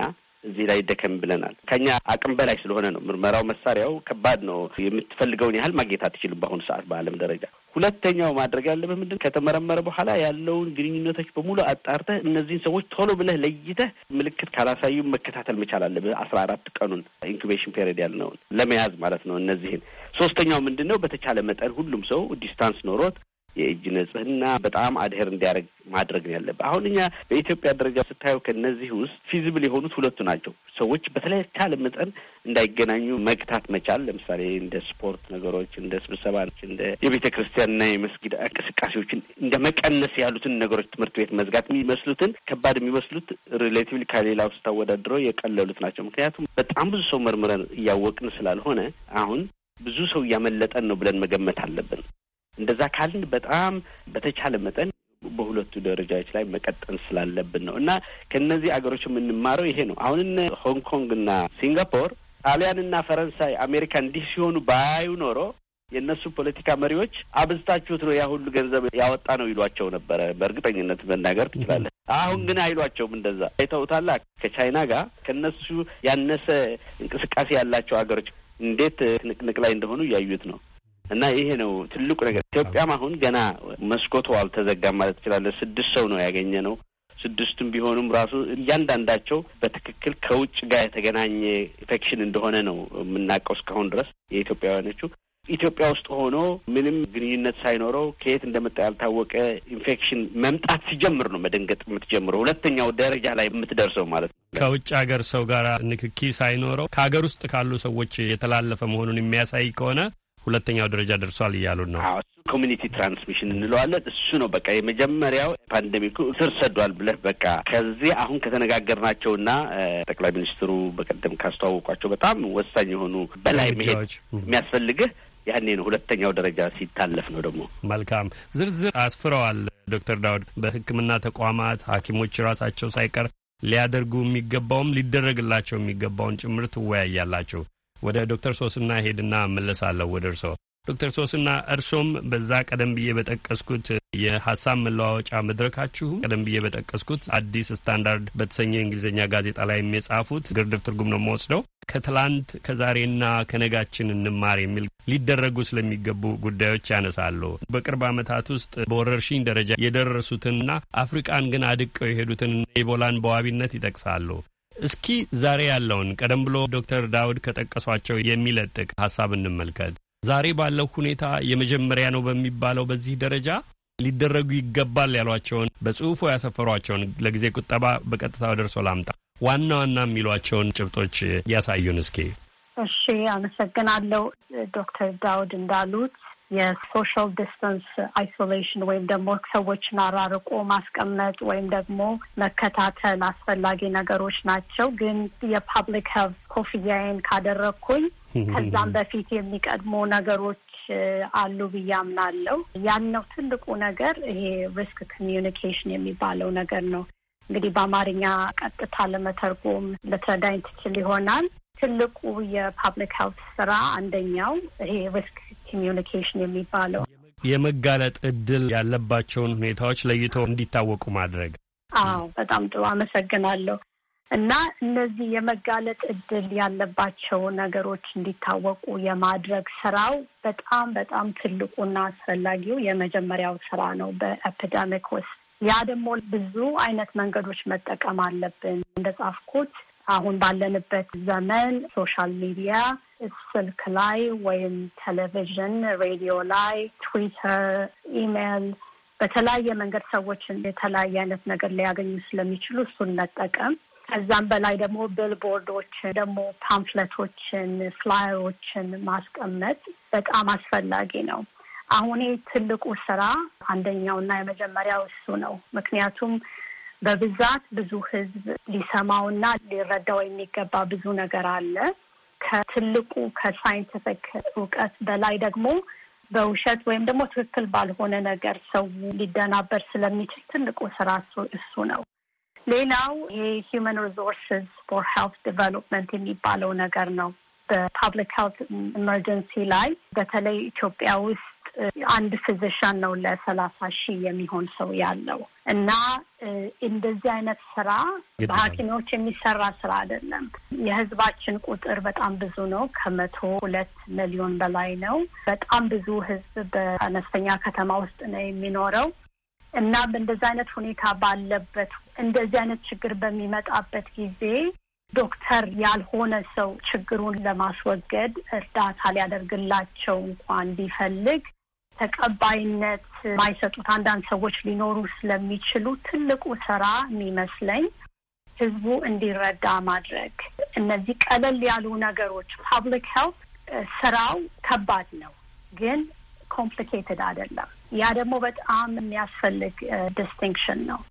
S7: እዚህ ላይ ደከም ብለናል። ከኛ አቅም በላይ ስለሆነ ነው ምርመራው። መሳሪያው ከባድ ነው። የምትፈልገውን ያህል ማግኘት አትችልም በአሁኑ ሰዓት በዓለም ደረጃ ሁለተኛው ማድረግ ያለበት ምንድን ከተመረመረ በኋላ ያለውን ግንኙነቶች በሙሉ አጣርተህ እነዚህን ሰዎች ቶሎ ብለህ ለይተህ ምልክት ካላሳዩ መከታተል መቻል አለብህ። አስራ አራት ቀኑን ኢንኩቤሽን ፔሪድ ያልነውን ለመያዝ ማለት ነው። እነዚህን ሶስተኛው ምንድን ነው? በተቻለ መጠን ሁሉም ሰው ዲስታንስ ኖሮት የእጅ ንጽህና በጣም አድሄር እንዲያደርግ ማድረግ ነው ያለብህ። አሁን እኛ በኢትዮጵያ ደረጃ ስታየው ከእነዚህ ውስጥ ፊዚብል የሆኑት ሁለቱ ናቸው። ሰዎች በተቻለ መጠን እንዳይገናኙ መግታት መቻል፣ ለምሳሌ እንደ ስፖርት ነገሮች፣ እንደ ስብሰባዎች፣ እንደ የቤተ ክርስቲያንና የመስጊድ እንቅስቃሴዎችን እንደ መቀነስ ያሉትን ነገሮች፣ ትምህርት ቤት መዝጋት የሚመስሉትን ከባድ የሚመስሉት ሪሌቲቭሊ ከሌላው ስታወዳድረው የቀለሉት ናቸው። ምክንያቱም በጣም ብዙ ሰው መርምረን እያወቅን ስላልሆነ አሁን ብዙ ሰው እያመለጠን ነው ብለን መገመት አለብን። እንደዛ ካልን በጣም በተቻለ መጠን በሁለቱ ደረጃዎች ላይ መቀጠን ስላለብን ነው እና ከነዚህ አገሮች የምንማረው ይሄ ነው። አሁን እነ ሆንግ ኮንግ እና ሲንጋፖር፣ ጣሊያንና ፈረንሳይ፣ አሜሪካ እንዲህ ሲሆኑ ባያዩ ኖሮ የእነሱ ፖለቲካ መሪዎች አብዝታችሁት ነው ያ ሁሉ ገንዘብ ያወጣ ነው ይሏቸው ነበረ። በእርግጠኝነት መናገር ትችላለን። አሁን ግን አይሏቸውም። እንደዛ አይተውታላ። ከቻይና ጋር ከእነሱ ያነሰ እንቅስቃሴ ያላቸው አገሮች እንዴት ንቅንቅ ላይ እንደሆኑ እያዩት ነው። እና ይሄ ነው ትልቁ ነገር። ኢትዮጵያም አሁን ገና መስኮቱ አልተዘጋም ማለት ትችላለህ። ስድስት ሰው ነው ያገኘ ነው። ስድስቱም ቢሆኑም ራሱ እያንዳንዳቸው በትክክል ከውጭ ጋር የተገናኘ ኢንፌክሽን እንደሆነ ነው የምናውቀው እስካሁን ድረስ የኢትዮጵያውያኖቹ ኢትዮጵያ ውስጥ ሆኖ ምንም ግንኙነት ሳይኖረው ከየት እንደመጣ ያልታወቀ ኢንፌክሽን መምጣት ሲጀምር ነው መደንገጥ የምትጀምረው። ሁለተኛው ደረጃ ላይ የምትደርሰው ማለት ነው።
S1: ከውጭ ሀገር ሰው ጋር ንክኪ ሳይኖረው ከሀገር ውስጥ ካሉ ሰዎች የተላለፈ መሆኑን የሚያሳይ ከሆነ ሁለተኛው ደረጃ ደርሷል እያሉን ነው።
S7: ኮሚኒቲ ትራንስሚሽን እንለዋለን። እሱ ነው በቃ የመጀመሪያው ፓንደሚኩ ስር ሰዷል ብለህ በቃ ከዚህ አሁን ና ጠቅላይ ሚኒስትሩ በቀደም ካስተዋወቋቸው በጣም ወሳኝ የሆኑ በላይ መሄድ የሚያስፈልግህ ያኔ ነው። ሁለተኛው ደረጃ ሲታለፍ ነው ደግሞ።
S1: መልካም ዝርዝር አስፍረዋል ዶክተር ዳውድ በሕክምና ተቋማት ሐኪሞች ራሳቸው ሳይቀር ሊያደርጉ የሚገባውም ሊደረግላቸው የሚገባውን ጭምር ትወያያላችሁ። ወደ ዶክተር ሶስና ሄድና መለሳለሁ ወደ እርሶ። ዶክተር ሶስና እርሶም በዛ ቀደም ብዬ በጠቀስኩት የሀሳብ መለዋወጫ መድረካችሁ ቀደም ብዬ በጠቀስኩት አዲስ ስታንዳርድ በተሰኘ እንግሊዝኛ ጋዜጣ ላይ የሚጻፉት ግርድፍ ትርጉም ነው የምወስደው ከትላንት ከዛሬና ከነጋችን እንማር የሚል ሊደረጉ ስለሚገቡ ጉዳዮች ያነሳሉ። በቅርብ ዓመታት ውስጥ በወረርሽኝ ደረጃ የደረሱትንና አፍሪቃን ግን አድቀው የሄዱትን ኢቦላን በዋቢነት ይጠቅሳሉ። እስኪ ዛሬ ያለውን ቀደም ብሎ ዶክተር ዳውድ ከጠቀሷቸው የሚለጥቅ ሀሳብ እንመልከት። ዛሬ ባለው ሁኔታ የመጀመሪያ ነው በሚባለው በዚህ ደረጃ ሊደረጉ ይገባል ያሏቸውን በጽሁፎ ያሰፈሯቸውን ለጊዜ ቁጠባ በቀጥታ ደርሶ ላምጣ ዋና ዋና የሚሏቸውን ጭብጦች ያሳዩን እስኪ።
S2: እሺ፣ አመሰግናለሁ ዶክተር ዳውድ እንዳሉት የሶሻል ዲስተንስ አይሶሌሽን ወይም ደግሞ ሰዎችን አራርቆ ማስቀመጥ ወይም ደግሞ መከታተል አስፈላጊ ነገሮች ናቸው። ግን የፓብሊክ ሄልዝ ኮፍያዬን ካደረግኩኝ ከዛም በፊት የሚቀድሙ ነገሮች አሉ ብዬ አምናለሁ። ያን ነው ትልቁ ነገር። ይሄ ሪስክ ኮሚዩኒኬሽን የሚባለው ነገር ነው። እንግዲህ በአማርኛ ቀጥታ ለመተርጎም ልትረዳኝ ትችል ይሆናል። ትልቁ የፓብሊክ ሄልት ስራ አንደኛው ይሄ ሪስክ ኮሚኒኬሽን የሚባለው
S1: የመጋለጥ እድል ያለባቸውን ሁኔታዎች ለይቶ እንዲታወቁ ማድረግ።
S2: አዎ፣ በጣም ጥሩ አመሰግናለሁ። እና እነዚህ የመጋለጥ እድል ያለባቸው ነገሮች እንዲታወቁ የማድረግ ስራው በጣም በጣም ትልቁና አስፈላጊው የመጀመሪያው ስራ ነው በኤፒደሚክ ውስጥ። ያ ደግሞ ብዙ አይነት መንገዶች መጠቀም አለብን። እንደ ጻፍኩት አሁን ባለንበት ዘመን ሶሻል ሚዲያ ስልክ ላይ ወይም ቴሌቪዥን፣ ሬዲዮ ላይ፣ ትዊተር፣ ኢሜል በተለያየ መንገድ ሰዎችን የተለያየ አይነት ነገር ሊያገኙ ስለሚችሉ እሱን መጠቀም ከዛም በላይ ደግሞ ቢልቦርዶችን ደግሞ ፓምፍለቶችን፣ ፍላየሮችን ማስቀመጥ በጣም አስፈላጊ ነው። አሁን ትልቁ ስራ አንደኛውና የመጀመሪያው እሱ ነው። ምክንያቱም በብዛት ብዙ ህዝብ ሊሰማውና ሊረዳው የሚገባ ብዙ ነገር አለ። ከትልቁ ከሳይንቲፊክ እውቀት በላይ ደግሞ በውሸት ወይም ደግሞ ትክክል ባልሆነ ነገር ሰው ሊደናበር ስለሚችል ትልቁ ስራ እሱ ነው። ሌላው የሂውማን ሪሶርስስ ፎር ሄልት ዲቨሎፕመንት የሚባለው ነገር ነው። በፓብሊክ ሄልት ኢመርጀንሲ ላይ በተለይ ኢትዮጵያ ውስጥ አንድ ፍዘሻን ነው ለሰላሳ ሺህ የሚሆን ሰው ያለው እና እንደዚህ አይነት ስራ በሐኪሞች የሚሰራ ስራ አይደለም። የህዝባችን ቁጥር በጣም ብዙ ነው። ከመቶ ሁለት ሚሊዮን በላይ ነው። በጣም ብዙ ህዝብ በአነስተኛ ከተማ ውስጥ ነው የሚኖረው እና እንደዚህ አይነት ሁኔታ ባለበት እንደዚህ አይነት ችግር በሚመጣበት ጊዜ ዶክተር ያልሆነ ሰው ችግሩን ለማስወገድ እርዳታ ሊያደርግላቸው እንኳን ቢፈልግ ተቀባይነት ማይሰጡት አንዳንድ ሰዎች ሊኖሩ ስለሚችሉ ትልቁ ስራ የሚመስለኝ ህዝቡ እንዲረዳ ማድረግ። እነዚህ ቀለል ያሉ ነገሮች ፓብሊክ ሄልት ስራው ከባድ ነው፣ ግን ኮምፕሊኬትድ አይደለም። ያ ደግሞ በጣም የሚያስፈልግ ዲስቲንክሽን ነው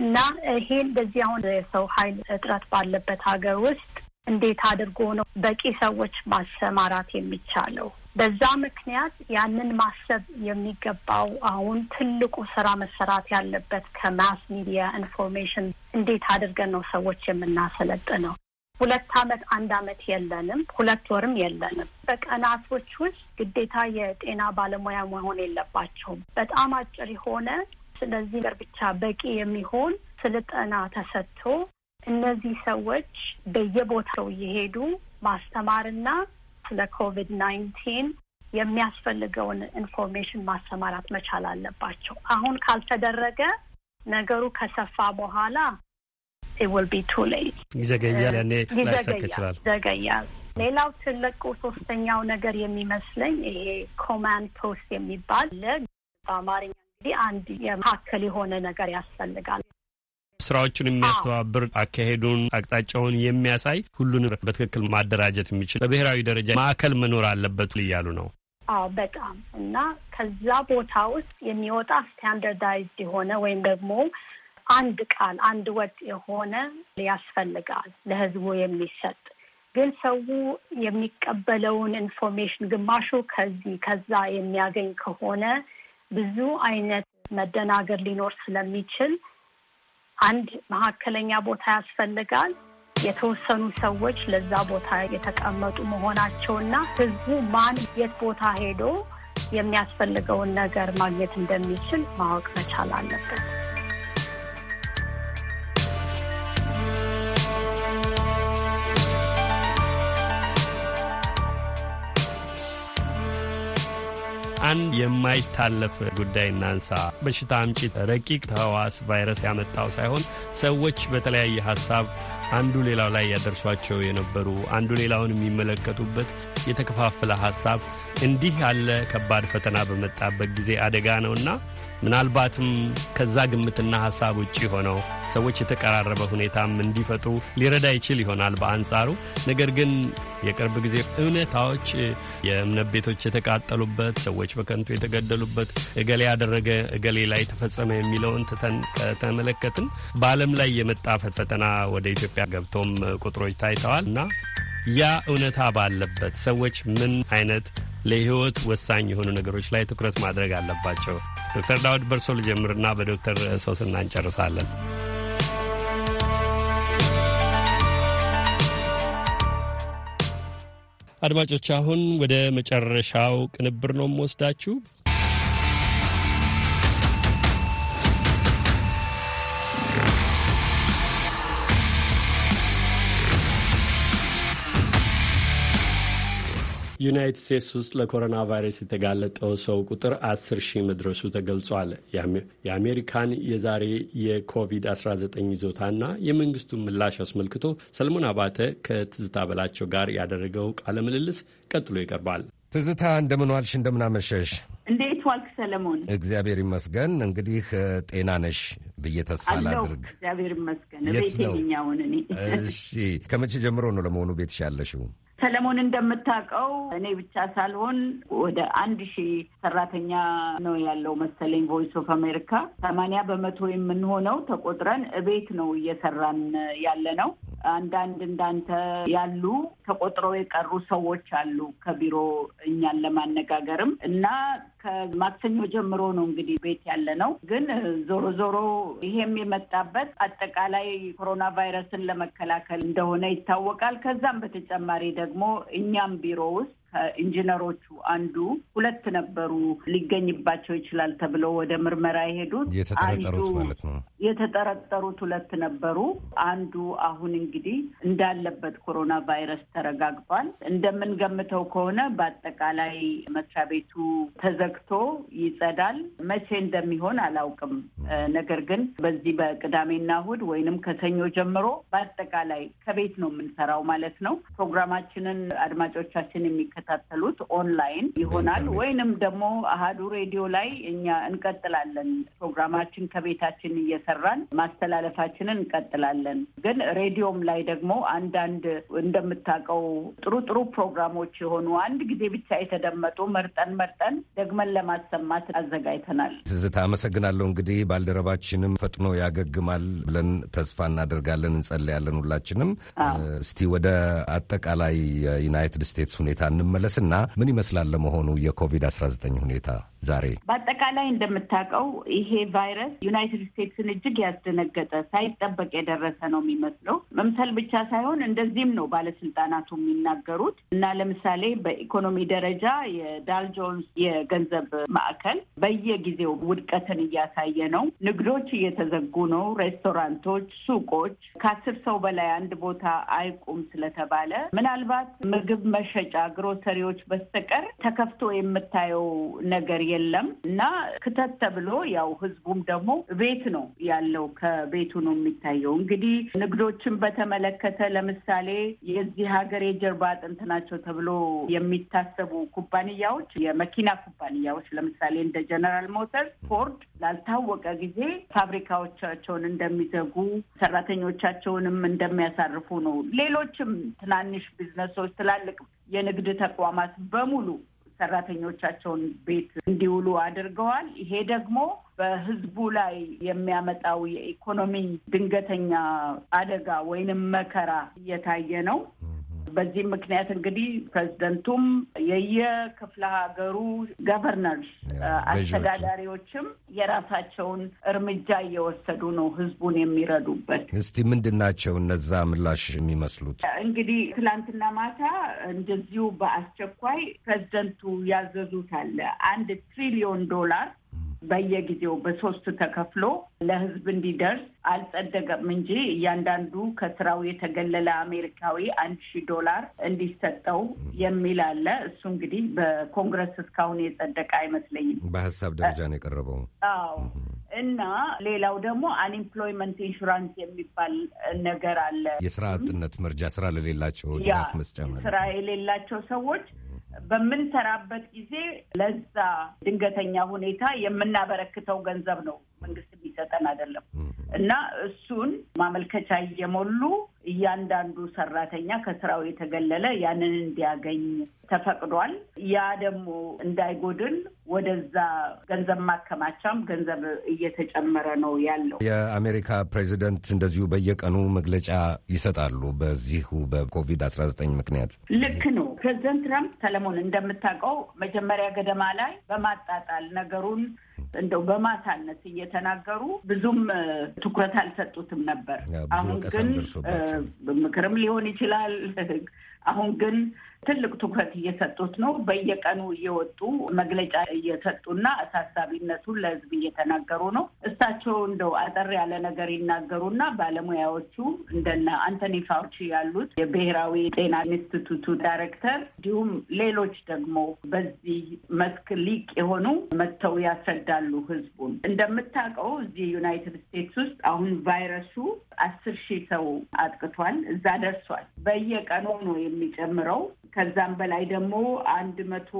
S2: እና ይሄን እንደዚህ አሁን የሰው ኃይል እጥረት ባለበት ሀገር ውስጥ እንዴት አድርጎ ነው በቂ ሰዎች ማሰማራት የሚቻለው? በዛ ምክንያት ያንን ማሰብ የሚገባው አሁን ትልቁ ስራ መሰራት ያለበት ከማስ ሚዲያ ኢንፎርሜሽን እንዴት አድርገን ነው ሰዎች የምናሰለጥነው? ሁለት አመት አንድ አመት የለንም፣ ሁለት ወርም የለንም። በቀናቶች ውስጥ ግዴታ የጤና ባለሙያ መሆን የለባቸውም። በጣም አጭር የሆነ ስለዚህ ነገር ብቻ በቂ የሚሆን ስልጠና ተሰጥቶ እነዚህ ሰዎች በየቦታው እየሄዱ ማስተማርና ስለ ኮቪድ ናይንቲን የሚያስፈልገውን ኢንፎርሜሽን ማሰማራት መቻል አለባቸው። አሁን ካልተደረገ ነገሩ ከሰፋ በኋላ ዊል ቢ ቱ ሌት
S1: ይዘገያል፣ ያኔ ይዘገያል።
S2: ሌላው ትልቁ ሶስተኛው ነገር የሚመስለኝ ይሄ ኮማንድ ፖስት የሚባል በአማርኛ እንግዲህ አንድ የመካከል የሆነ ነገር ያስፈልጋል።
S1: ስራዎቹን የሚያስተባብር አካሄዱን፣ አቅጣጫውን የሚያሳይ ሁሉንም በትክክል ማደራጀት የሚችል በብሔራዊ ደረጃ ማዕከል መኖር አለበት እያሉ ነው።
S2: አዎ በጣም እና ከዛ ቦታ ውስጥ የሚወጣ ስታንዳርዳይዝድ የሆነ ወይም ደግሞ አንድ ቃል አንድ ወጥ የሆነ ያስፈልጋል ለህዝቡ የሚሰጥ ግን ሰው የሚቀበለውን ኢንፎርሜሽን ግማሹ ከዚህ ከዛ የሚያገኝ ከሆነ ብዙ አይነት መደናገር ሊኖር ስለሚችል አንድ መካከለኛ ቦታ ያስፈልጋል። የተወሰኑ ሰዎች ለዛ ቦታ የተቀመጡ መሆናቸውና ህዝቡ ማን የት ቦታ ሄዶ የሚያስፈልገውን ነገር ማግኘት እንደሚችል ማወቅ መቻል አለበት።
S1: አንድ የማይታለፍ ጉዳይ እናንሳ። በሽታ አምጪ ረቂቅ ተህዋስ ቫይረስ ያመጣው ሳይሆን ሰዎች በተለያየ ሀሳብ አንዱ ሌላው ላይ ያደርሷቸው የነበሩ አንዱ ሌላውን የሚመለከቱበት የተከፋፈለ ሀሳብ እንዲህ ያለ ከባድ ፈተና በመጣበት ጊዜ አደጋ ነውና ምናልባትም ከዛ ግምትና ሀሳብ ውጭ ሆነው ሰዎች የተቀራረበ ሁኔታም እንዲፈጡ ሊረዳ ይችል ይሆናል በአንጻሩ። ነገር ግን የቅርብ ጊዜ እውነታዎች የእምነት ቤቶች የተቃጠሉበት፣ ሰዎች በከንቱ የተገደሉበት፣ እገሌ ያደረገ እገሌ ላይ ተፈጸመ የሚለውን ትተን ከተመለከትን በዓለም ላይ የመጣ ፈተና ወደ ኢትዮጵያ ገብቶም ቁጥሮች ታይተዋል እና ያ እውነታ ባለበት ሰዎች ምን አይነት ለህይወት ወሳኝ የሆኑ ነገሮች ላይ ትኩረት ማድረግ አለባቸው? ዶክተር ዳውድ በርሶ ልጀምርና በዶክተር ሶስና እንጨርሳለን። አድማጮች አሁን ወደ መጨረሻው ቅንብር ነው የምወስዳችሁ። ዩናይትድ ስቴትስ ውስጥ ለኮሮና ቫይረስ የተጋለጠው ሰው ቁጥር አስር ሺህ መድረሱ ተገልጿል። የአሜሪካን የዛሬ የኮቪድ-19 ይዞታና የመንግስቱን ምላሽ አስመልክቶ ሰለሞን አባተ ከትዝታ በላቸው ጋር ያደረገው ቃለ ምልልስ ቀጥሎ ይቀርባል።
S10: ትዝታ እንደምን ዋልሽ? እንደምናመሸሽ?
S1: እንዴት ዋልክ ሰለሞን?
S10: እግዚአብሔር ይመስገን። እንግዲህ ጤና ነሽ ብዬ ተስፋ ላድርግ።
S3: እግዚአብሔር ይመስገን። ቤት ነው። እሺ፣
S10: ከመቼ ጀምሮ ነው ለመሆኑ ቤትሽ ያለሽው?
S3: ሰለሞን እንደምታውቀው እኔ ብቻ ሳልሆን ወደ አንድ ሺህ ሰራተኛ ነው ያለው መሰለኝ ቮይስ ኦፍ አሜሪካ። ሰማንያ በመቶ የምንሆነው ተቆጥረን እቤት ነው እየሰራን ያለ ነው። አንዳንድ እንዳንተ ያሉ ተቆጥሮ የቀሩ ሰዎች አሉ ከቢሮ እኛን ለማነጋገርም እና ከማክሰኞ ጀምሮ ነው እንግዲህ ቤት ያለ ነው። ግን ዞሮ ዞሮ ይሄም የመጣበት አጠቃላይ ኮሮና ቫይረስን ለመከላከል እንደሆነ ይታወቃል። ከዛም በተጨማሪ ደግሞ እኛም ቢሮ ውስጥ ከኢንጂነሮቹ አንዱ ሁለት ነበሩ ሊገኝባቸው ይችላል ተብለው ወደ ምርመራ የሄዱት የተጠረጠሩት ማለት ነው። የተጠረጠሩት ሁለት ነበሩ። አንዱ አሁን እንግዲህ እንዳለበት ኮሮና ቫይረስ ተረጋግጧል። እንደምንገምተው ከሆነ በአጠቃላይ መስሪያ ቤቱ ተዘግቶ ይጸዳል። መቼ እንደሚሆን አላውቅም። ነገር ግን በዚህ በቅዳሜና እሑድ ወይንም ከሰኞ ጀምሮ በአጠቃላይ ከቤት ነው የምንሰራው ማለት ነው። ፕሮግራማችንን አድማጮቻችን የሚከ የሚከታተሉት ኦንላይን ይሆናል ወይንም ደግሞ አሀዱ ሬዲዮ ላይ እኛ እንቀጥላለን። ፕሮግራማችን ከቤታችን እየሰራን ማስተላለፋችንን እንቀጥላለን። ግን ሬዲዮም ላይ ደግሞ አንዳንድ እንደምታውቀው ጥሩ ጥሩ ፕሮግራሞች የሆኑ አንድ ጊዜ ብቻ የተደመጡ መርጠን መርጠን ደግመን ለማሰማት አዘጋጅተናል።
S10: ትዝታ አመሰግናለሁ። እንግዲህ ባልደረባችንም ፈጥኖ ያገግማል ብለን ተስፋ እናደርጋለን፣ እንጸለያለን ሁላችንም። እስቲ ወደ አጠቃላይ የዩናይትድ ስቴትስ ሁኔታ እንመ እንመለስና ምን ይመስላል ለመሆኑ የኮቪድ-19 ሁኔታ? ዛሬ
S3: በአጠቃላይ እንደምታውቀው ይሄ ቫይረስ ዩናይትድ ስቴትስን እጅግ ያስደነገጠ ሳይጠበቅ የደረሰ ነው የሚመስለው። መምሰል ብቻ ሳይሆን እንደዚህም ነው ባለስልጣናቱ የሚናገሩት እና ለምሳሌ በኢኮኖሚ ደረጃ የዳል ጆንስ የገንዘብ ማዕከል በየጊዜው ውድቀትን እያሳየ ነው። ንግዶች እየተዘጉ ነው። ሬስቶራንቶች፣ ሱቆች ከአስር ሰው በላይ አንድ ቦታ አይቁም ስለተባለ ምናልባት ምግብ መሸጫ ግሮሰሪዎች በስተቀር ተከፍቶ የምታየው ነገር የለም እና ክተት ተብሎ ያው ህዝቡም ደግሞ ቤት ነው ያለው ከቤቱ ነው የሚታየው። እንግዲህ ንግዶችን በተመለከተ ለምሳሌ የዚህ ሀገር የጀርባ አጥንት ናቸው ተብሎ የሚታሰቡ ኩባንያዎች የመኪና ኩባንያዎች ለምሳሌ እንደ ጀነራል ሞተርስ፣ ፎርድ ላልታወቀ ጊዜ ፋብሪካዎቻቸውን እንደሚዘጉ ሰራተኞቻቸውንም እንደሚያሳርፉ ነው። ሌሎችም ትናንሽ ቢዝነሶች፣ ትላልቅ የንግድ ተቋማት በሙሉ ሰራተኞቻቸውን ቤት እንዲውሉ አድርገዋል። ይሄ ደግሞ በህዝቡ ላይ የሚያመጣው የኢኮኖሚ ድንገተኛ አደጋ ወይንም መከራ እየታየ ነው። በዚህም ምክንያት እንግዲህ ፕሬዚደንቱም የየክፍለ ሀገሩ ገቨርነርስ አስተዳዳሪዎችም የራሳቸውን እርምጃ እየወሰዱ ነው ህዝቡን የሚረዱበት።
S10: እስቲ ምንድን ናቸው እነዛ ምላሽ የሚመስሉት?
S3: እንግዲህ ትላንትና ማታ እንደዚሁ በአስቸኳይ ፕሬዚደንቱ ያዘዙት አለ አንድ ትሪሊዮን ዶላር በየጊዜው በሶስት ተከፍሎ ለህዝብ እንዲደርስ አልጸደቀም እንጂ እያንዳንዱ ከስራው የተገለለ አሜሪካዊ አንድ ሺህ ዶላር እንዲሰጠው የሚል አለ። እሱ እንግዲህ በኮንግረስ እስካሁን የጸደቀ አይመስለኝም።
S10: በሀሳብ ደረጃ ነው የቀረበው።
S3: አዎ። እና ሌላው ደግሞ አንኤምፕሎይመንት ኢንሹራንስ የሚባል ነገር አለ።
S10: የስራ አጥነት መርጃ፣ ስራ ለሌላቸው ድጋፍ መስጫ ማለት
S3: ስራ የሌላቸው ሰዎች በምንሰራበት ጊዜ ለዛ ድንገተኛ ሁኔታ የምናበረክተው ገንዘብ ነው። መንግስት የሚሰጠን አይደለም እና እሱን ማመልከቻ እየሞሉ እያንዳንዱ ሰራተኛ ከስራው የተገለለ ያንን እንዲያገኝ ተፈቅዷል። ያ ደግሞ እንዳይጎድል ወደዛ ገንዘብ ማከማቻም ገንዘብ እየተጨመረ ነው ያለው።
S10: የአሜሪካ ፕሬዚደንት እንደዚሁ በየቀኑ መግለጫ ይሰጣሉ በዚሁ በኮቪድ አስራ ዘጠኝ ምክንያት።
S3: ልክ ነው። ፕሬዚደንት ትራምፕ ሰለሞን እንደምታውቀው መጀመሪያ ገደማ ላይ በማጣጣል ነገሩን እንደው በማሳነስ እየተናገሩ ብዙም ትኩረት አልሰጡትም ነበር። አሁን ግን በምክርም ሊሆን ይችላል አሁን ግን ትልቅ ትኩረት እየሰጡት ነው። በየቀኑ እየወጡ መግለጫ እየሰጡና አሳሳቢነቱን ለሕዝብ እየተናገሩ ነው። እሳቸው እንደው አጠር ያለ ነገር ይናገሩና ባለሙያዎቹ እንደነ አንቶኒ ፋውቺ ያሉት የብሔራዊ ጤና ኢንስቲቱቱ ዳይሬክተር፣ እንዲሁም ሌሎች ደግሞ በዚህ መስክ ሊቅ የሆኑ መጥተው ያስረዳሉ ሕዝቡን። እንደምታውቀው እዚህ ዩናይትድ ስቴትስ ውስጥ አሁን ቫይረሱ አስር ሺህ ሰው አጥቅቷል። እዛ ደርሷል። በየቀኑ ነው የሚጨምረው። ከዛም በላይ ደግሞ አንድ መቶ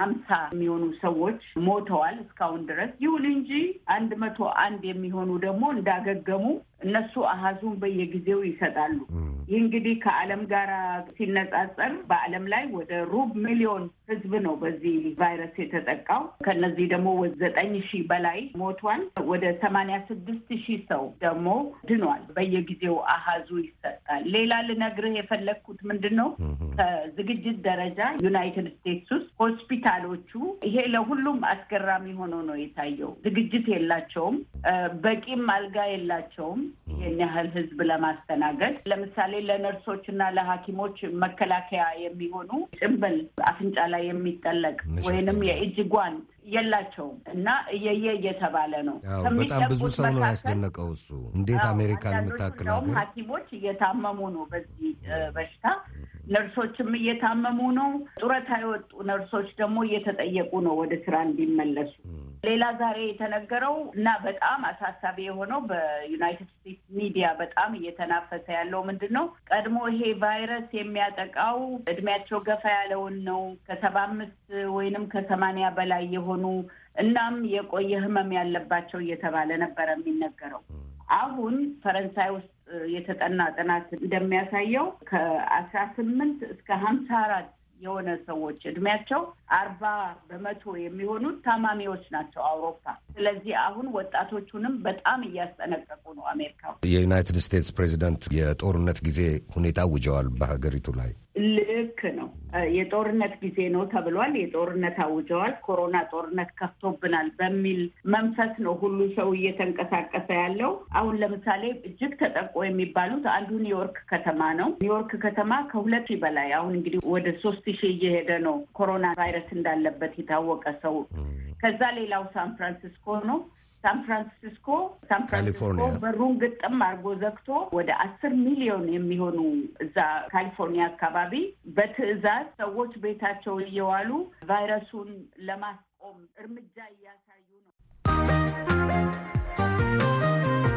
S3: ሀምሳ የሚሆኑ ሰዎች ሞተዋል እስካሁን ድረስ። ይሁን እንጂ አንድ መቶ አንድ የሚሆኑ ደግሞ እንዳገገሙ እነሱ አሀዙን በየጊዜው ይሰጣሉ። ይህ እንግዲህ ከዓለም ጋር ሲነጻጸር በዓለም ላይ ወደ ሩብ ሚሊዮን ሕዝብ ነው በዚህ ቫይረስ የተጠቃው። ከነዚህ ደግሞ ዘጠኝ ሺህ በላይ ሞቷል። ወደ ሰማንያ ስድስት ሺህ ሰው ደግሞ ድኗል። በየጊዜው አሀዙ ይሰጣል። ሌላ ልነግርህ የፈለግኩት ምንድን ነው ከዝግጅት ደረጃ ዩናይትድ ስቴትስ ውስጥ ሆስፒታሎቹ ይሄ ለሁሉም አስገራሚ ሆኖ ነው የታየው። ዝግጅት የላቸውም፣ በቂም አልጋ የላቸውም። ይህን ያህል ህዝብ ለማስተናገድ ለምሳሌ ለነርሶች እና ለሐኪሞች መከላከያ የሚሆኑ ጭንብል አፍንጫ ላይ የሚጠለቅ ወይንም የእጅ ጓንት የላቸውም እና እየየ እየተባለ ነው። በጣም ብዙ ሰው ነው ያስደነቀው
S10: እሱ። እንዴት አሜሪካን የምታክል ሀገር
S3: ሐኪሞች እየታመሙ ነው በዚህ በሽታ ነርሶችም እየታመሙ ነው። ጡረታ የወጡ ነርሶች ደግሞ እየተጠየቁ ነው ወደ ስራ እንዲመለሱ ሌላ ዛሬ የተነገረው እና በጣም አሳሳቢ የሆነው በዩናይትድ ስቴትስ ሚዲያ በጣም እየተናፈሰ ያለው ምንድን ነው? ቀድሞ ይሄ ቫይረስ የሚያጠቃው እድሜያቸው ገፋ ያለውን ነው ከሰባ አምስት ወይንም ከሰማንያ በላይ የሆኑ እናም የቆየ ህመም ያለባቸው እየተባለ ነበረ የሚነገረው። አሁን ፈረንሳይ ውስጥ የተጠና ጥናት እንደሚያሳየው ከአስራ ስምንት እስከ ሀምሳ አራት የሆነ ሰዎች እድሜያቸው አርባ በመቶ የሚሆኑት ታማሚዎች ናቸው አውሮፓ። ስለዚህ አሁን ወጣቶቹንም በጣም እያስጠነቀቁ ነው። አሜሪካ
S10: የዩናይትድ ስቴትስ ፕሬዚደንት የጦርነት ጊዜ ሁኔታ አውጀዋል በሀገሪቱ ላይ።
S3: ልክ ነው። የጦርነት ጊዜ ነው ተብሏል። የጦርነት አውጀዋል። ኮሮና ጦርነት ከፍቶብናል በሚል መንፈስ ነው ሁሉ ሰው እየተንቀሳቀሰ ያለው። አሁን ለምሳሌ እጅግ ተጠቆ የሚባሉት አንዱ ኒውዮርክ ከተማ ነው። ኒውዮርክ ከተማ ከሁለት ሺህ በላይ አሁን እንግዲህ ወደ ሶስት ሺህ እየሄደ ነው ኮሮና ቫይረስ መድረስ እንዳለበት የታወቀ ሰው ከዛ ሌላው ሳን ፍራንሲስኮ ነው። ሳን ፍራንሲስኮ ሳን ፍራንሲስኮ በሩን ግጥም አድርጎ ዘግቶ ወደ አስር ሚሊዮን የሚሆኑ እዛ ካሊፎርኒያ አካባቢ በትዕዛዝ ሰዎች ቤታቸው እየዋሉ ቫይረሱን ለማስቆም እርምጃ እያሳዩ ነው።